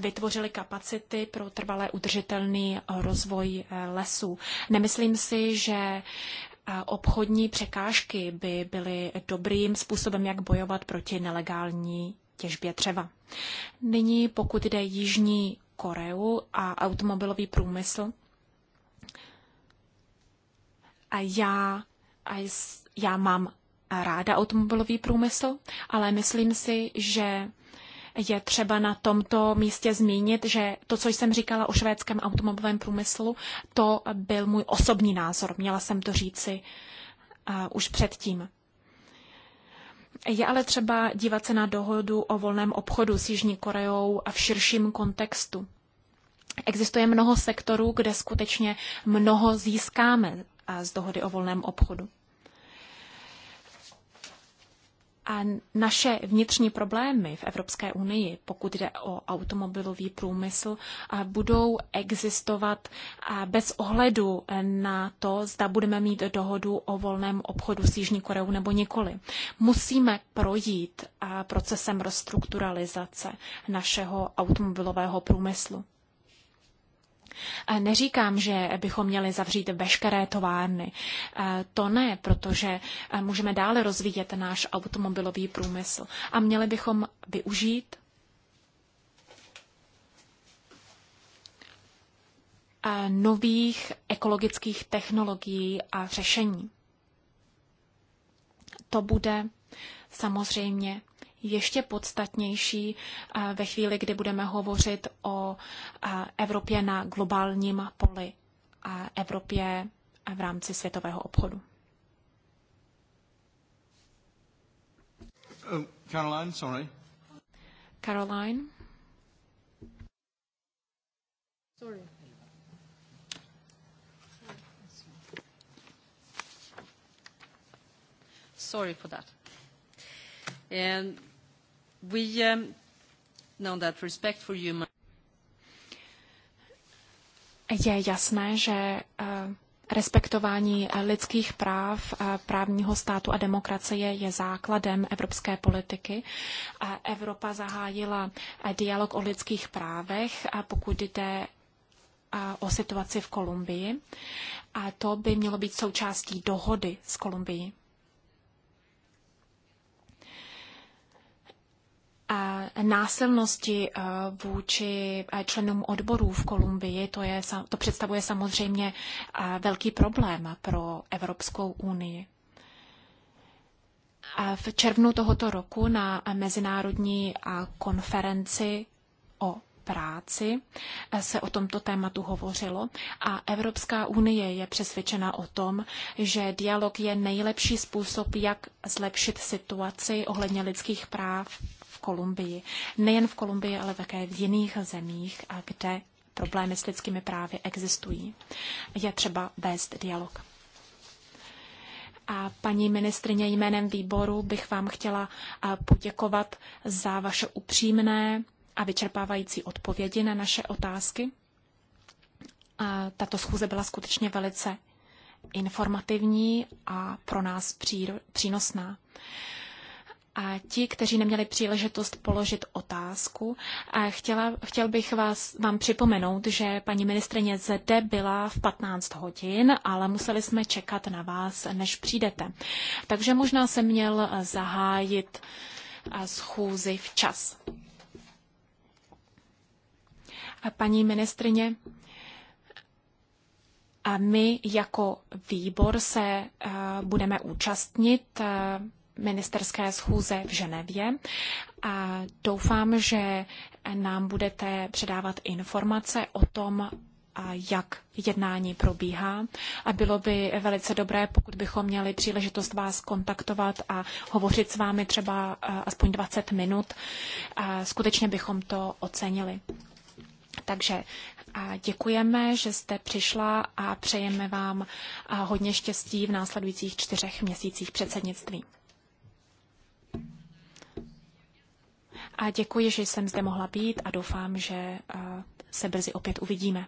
vytvořili kapacity pro trvalé udržitelný rozvoj e, lesů. Nemyslím si, že obchodní překážky by byly dobrým způsobem, jak bojovat proti nelegální těžbě dřeva. Nyní, pokud jde Jižní Koreu a automobilový průmysl, a já, a já mám ráda automobilový průmysl, ale myslím si, že je třeba na tomto místě zmínit, že to, co jsem říkala o švédském automobilovém průmyslu, to byl můj osobní názor. Měla jsem to říci uh, už předtím. Je ale třeba dívat se na dohodu o volném obchodu s Jižní Koreou a v širším kontextu. Existuje mnoho sektorů, kde skutečně mnoho získáme z dohody o volném obchodu. naše vnitřní problémy v Evropské unii, pokud jde o automobilový průmysl, budou existovat bez ohledu na to, zda budeme mít dohodu o volném obchodu s Jižní Koreou nebo nikoli. Musíme projít procesem restrukturalizace našeho automobilového průmyslu. Neříkám, že bychom měli zavřít veškeré továrny. To ne, protože můžeme dále rozvíjet náš automobilový průmysl a měli bychom využít nových ekologických technologií a řešení. To bude samozřejmě ještě podstatnější eh, ve chvíli, kdy budeme hovořit o eh, Evropě na globálním poli a Evropě eh, v rámci světového obchodu. Oh, Caroline, sorry. Caroline. Sorry. Sorry for that. And um, Um, je jasné, že eh, respektování eh, lidských práv, eh, právního státu a demokracie je základem evropské politiky. Evropa zahájila dialog o lidských právech, pokud jde o situaci v Kolumbii. A to by mělo být součástí dohody s Kolumbií. násilnosti eh, vůči eh, členům odborů v Kolumbii, to, je, to představuje samozřejmě eh, velký problém pro Evropskou unii. V červnu tohoto roku na mezinárodní konferenci o práci se o tomto tématu hovořilo a Evropská unie je přesvědčena o tom, že dialog je nejlepší způsob, jak zlepšit situaci ohledně lidských práv Kolumbii. Nejen v Kolumbii, ale také v jiných zemích, kde problémy s lidskými právy existují. Je třeba vést dialog. A paní ministrině jménem výboru bych vám chtěla poděkovat za vaše upřímné a vyčerpávající odpovědi na naše otázky. A tato schůze byla skutečně velice informativní a pro nás přínosná. A ti, kteří neměli příležitost položit otázku, a chtěla, chtěl bych vás, vám připomenout, že paní ministrině zde byla v 15 hodin, ale museli jsme čekat na vás, než přijdete. Takže možná jsem měl zahájit schůzi včas. A paní ministrině, a my jako výbor se budeme účastnit ministerské schůze v Ženevě. A doufám, že nám budete předávat informace o tom, jak jednání probíhá. A bylo by velice dobré, pokud bychom měli příležitost vás kontaktovat a hovořit s vámi třeba aspoň 20 minut. A skutečně bychom to ocenili. Takže děkujeme, že jste přišla a přejeme vám hodně štěstí v následujících čtyřech měsících předsednictví. A děkuji, že jsem zde mohla být a doufám, že eh, se brzy opět uvidíme.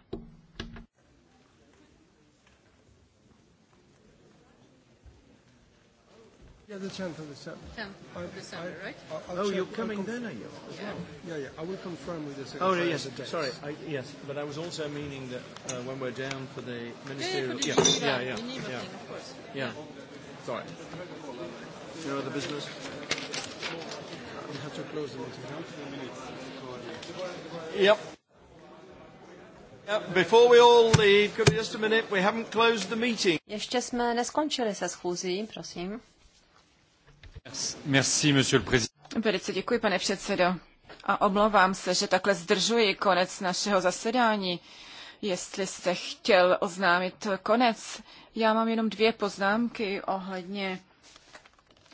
Yeah, the 10th of December. 10th of December, right? I'll oh, you're coming then, are you? Yeah. Oh. yeah, yeah. I will confirm with Oh, yes. sorry. I, yes, but I was also meaning that uh, when we're down for the ministerial. Yeah, yeah, yeah. Yeah, yeah. yeah. yeah. Sorry. No business? Yep. Before we all leave, just a minute, we haven't closed the meeting. Ještě jsme neskončili se schůzí, prosím. Velice děkuji, pane předsedo. A omlouvám se, že takhle zdržuji konec našeho zasedání. Jestli jste chtěl oznámit konec, já mám jenom dvě poznámky ohledně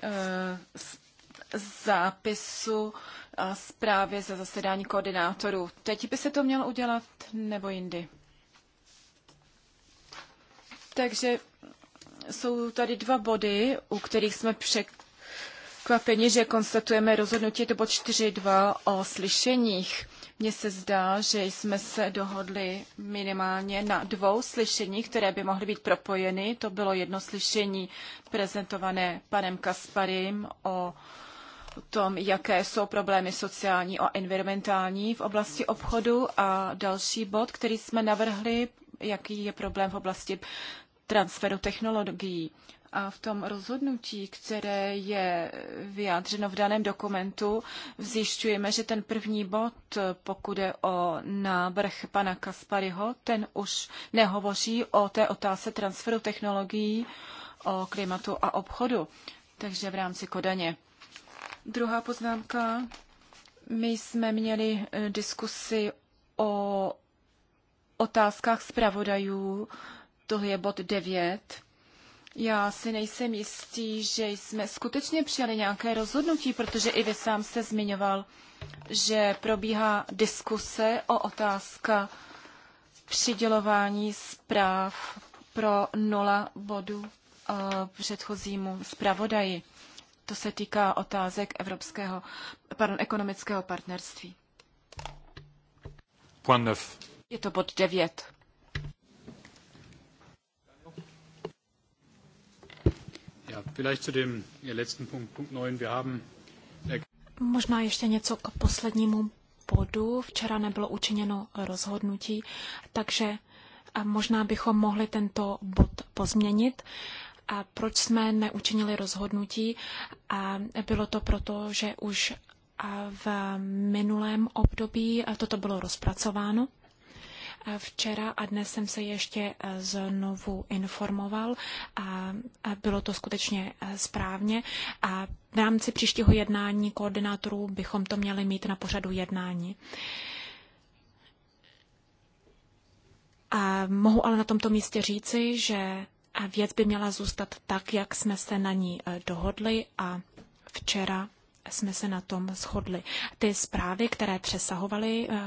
uh, zápisu a zprávy ze zasedání koordinátorů. Teď by se to mělo udělat nebo jindy? Takže jsou tady dva body, u kterých jsme překvapeni, že konstatujeme rozhodnutí to bod 4.2 o slyšeních. Mně se zdá, že jsme se dohodli minimálně na dvou slyšeních, které by mohly být propojeny. To bylo jedno slyšení prezentované panem Kasparim o tom, jaké jsou problémy sociální a environmentální v oblasti obchodu a další bod, který jsme navrhli, jaký je problém v oblasti transferu technologií. A v tom rozhodnutí, které je vyjádřeno v daném dokumentu, zjišťujeme, že ten první bod, pokud je o návrh pana Kaspariho, ten už nehovoří o té otázce transferu technologií, o klimatu a obchodu. Takže v rámci Kodaně. Druhá poznámka. My jsme měli eh, diskusi o otázkách zpravodajů. To je bod 9. Já si nejsem jistý, že jsme skutečně přijali nějaké rozhodnutí, protože i vy sám jste zmiňoval, že probíhá diskuse o otázka přidělování zpráv pro nula bodu eh, předchozímu zpravodaji to se týká otázek evropského, pardon, ekonomického partnerství. Je to bod 9. Ja, vielleicht zu dem letzten Punkt, Punkt 9. Wir haben Možná ještě něco k poslednímu bodu. Včera nebylo učiněno rozhodnutí, takže možná bychom mohli tento bod pozměnit. A proč jsme neučinili rozhodnutí? A bylo to proto, že už v minulém období toto bylo rozpracováno. Včera a dnes jsem se ještě e, znovu informoval a bylo to skutečně e, správně. A v rámci příštího jednání koordinátorů bychom to měli mít na pořadu jednání. A mohu ale na tomto místě říci, že věc by měla zůstat tak, jak jsme se na ní eh, dohodli a včera jsme se na tom shodli. Ty zprávy, které přesahovaly eh,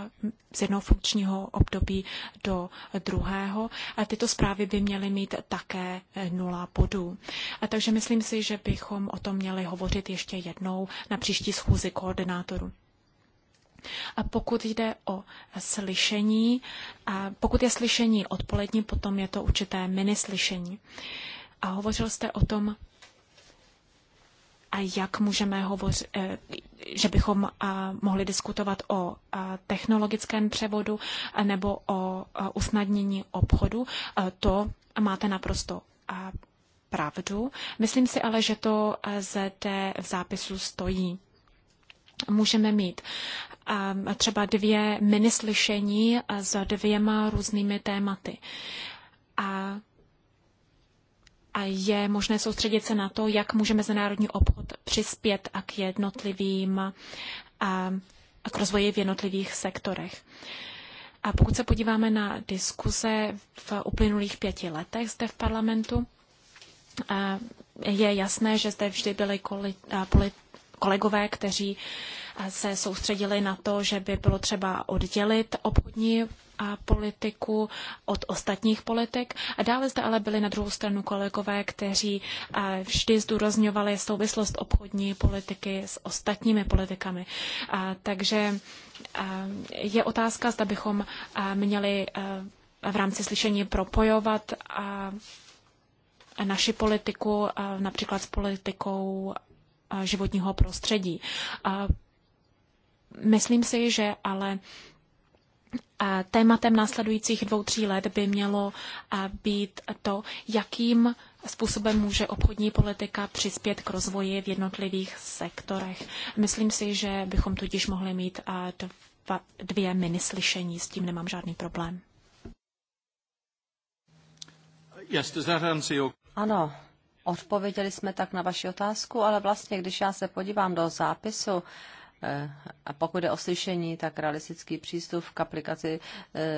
z jednoho funkčního období do druhého, tyto zprávy by měly mít také eh, nula bodů. A takže myslím si, že bychom o tom měli hovořit ještě jednou na příští schůzi koordinátorů. A pokud jde o slyšení, a pokud je slyšení odpolední, potom je to určité minislyšení. A hovořil jste o tom, a jak můžeme hovořit, eh, že bychom mohli diskutovat o technologickém převodu nebo o usnadnění obchodu. To máte naprosto pravdu. Myslím si ale, že to zde v zápisu stojí můžeme mít třeba dvě minislyšení s dvěma různými tématy. A a je možné soustředit se na to, jak může mezinárodní obchod přispět a k jednotlivým a, a k rozvoji v jednotlivých sektorech. A pokud se podíváme na diskuze v uplynulých pěti letech zde v parlamentu, je jasné, že zde vždy byly kolegové, kteří eh, se soustředili na to, že by bylo třeba oddělit obchodní politiku od ostatních politik. A dále zde ale byli na druhou stranu kolegové, kteří eh, vždy zdůrazňovali souvislost obchodní politiky s ostatními politikami. A eh, takže je otázka, zda bychom měli v rámci slyšení propojovat naši politiku například s politikou životního prostředí. Myslím si, že ale tématem následujících dvou, tří let by mělo být to, jakým způsobem může obchodní politika přispět k rozvoji v jednotlivých sektorech. Myslím si, že bychom tudíž mohli mít dva, dvě minislyšení, s tím nemám žádný problém. Ano, Odpověděli jsme tak na vaši otázku, ale vlastně, když já se podívám do zápisu, eh, a pokud je o slyšení, tak realistický přístup k aplikaci eh,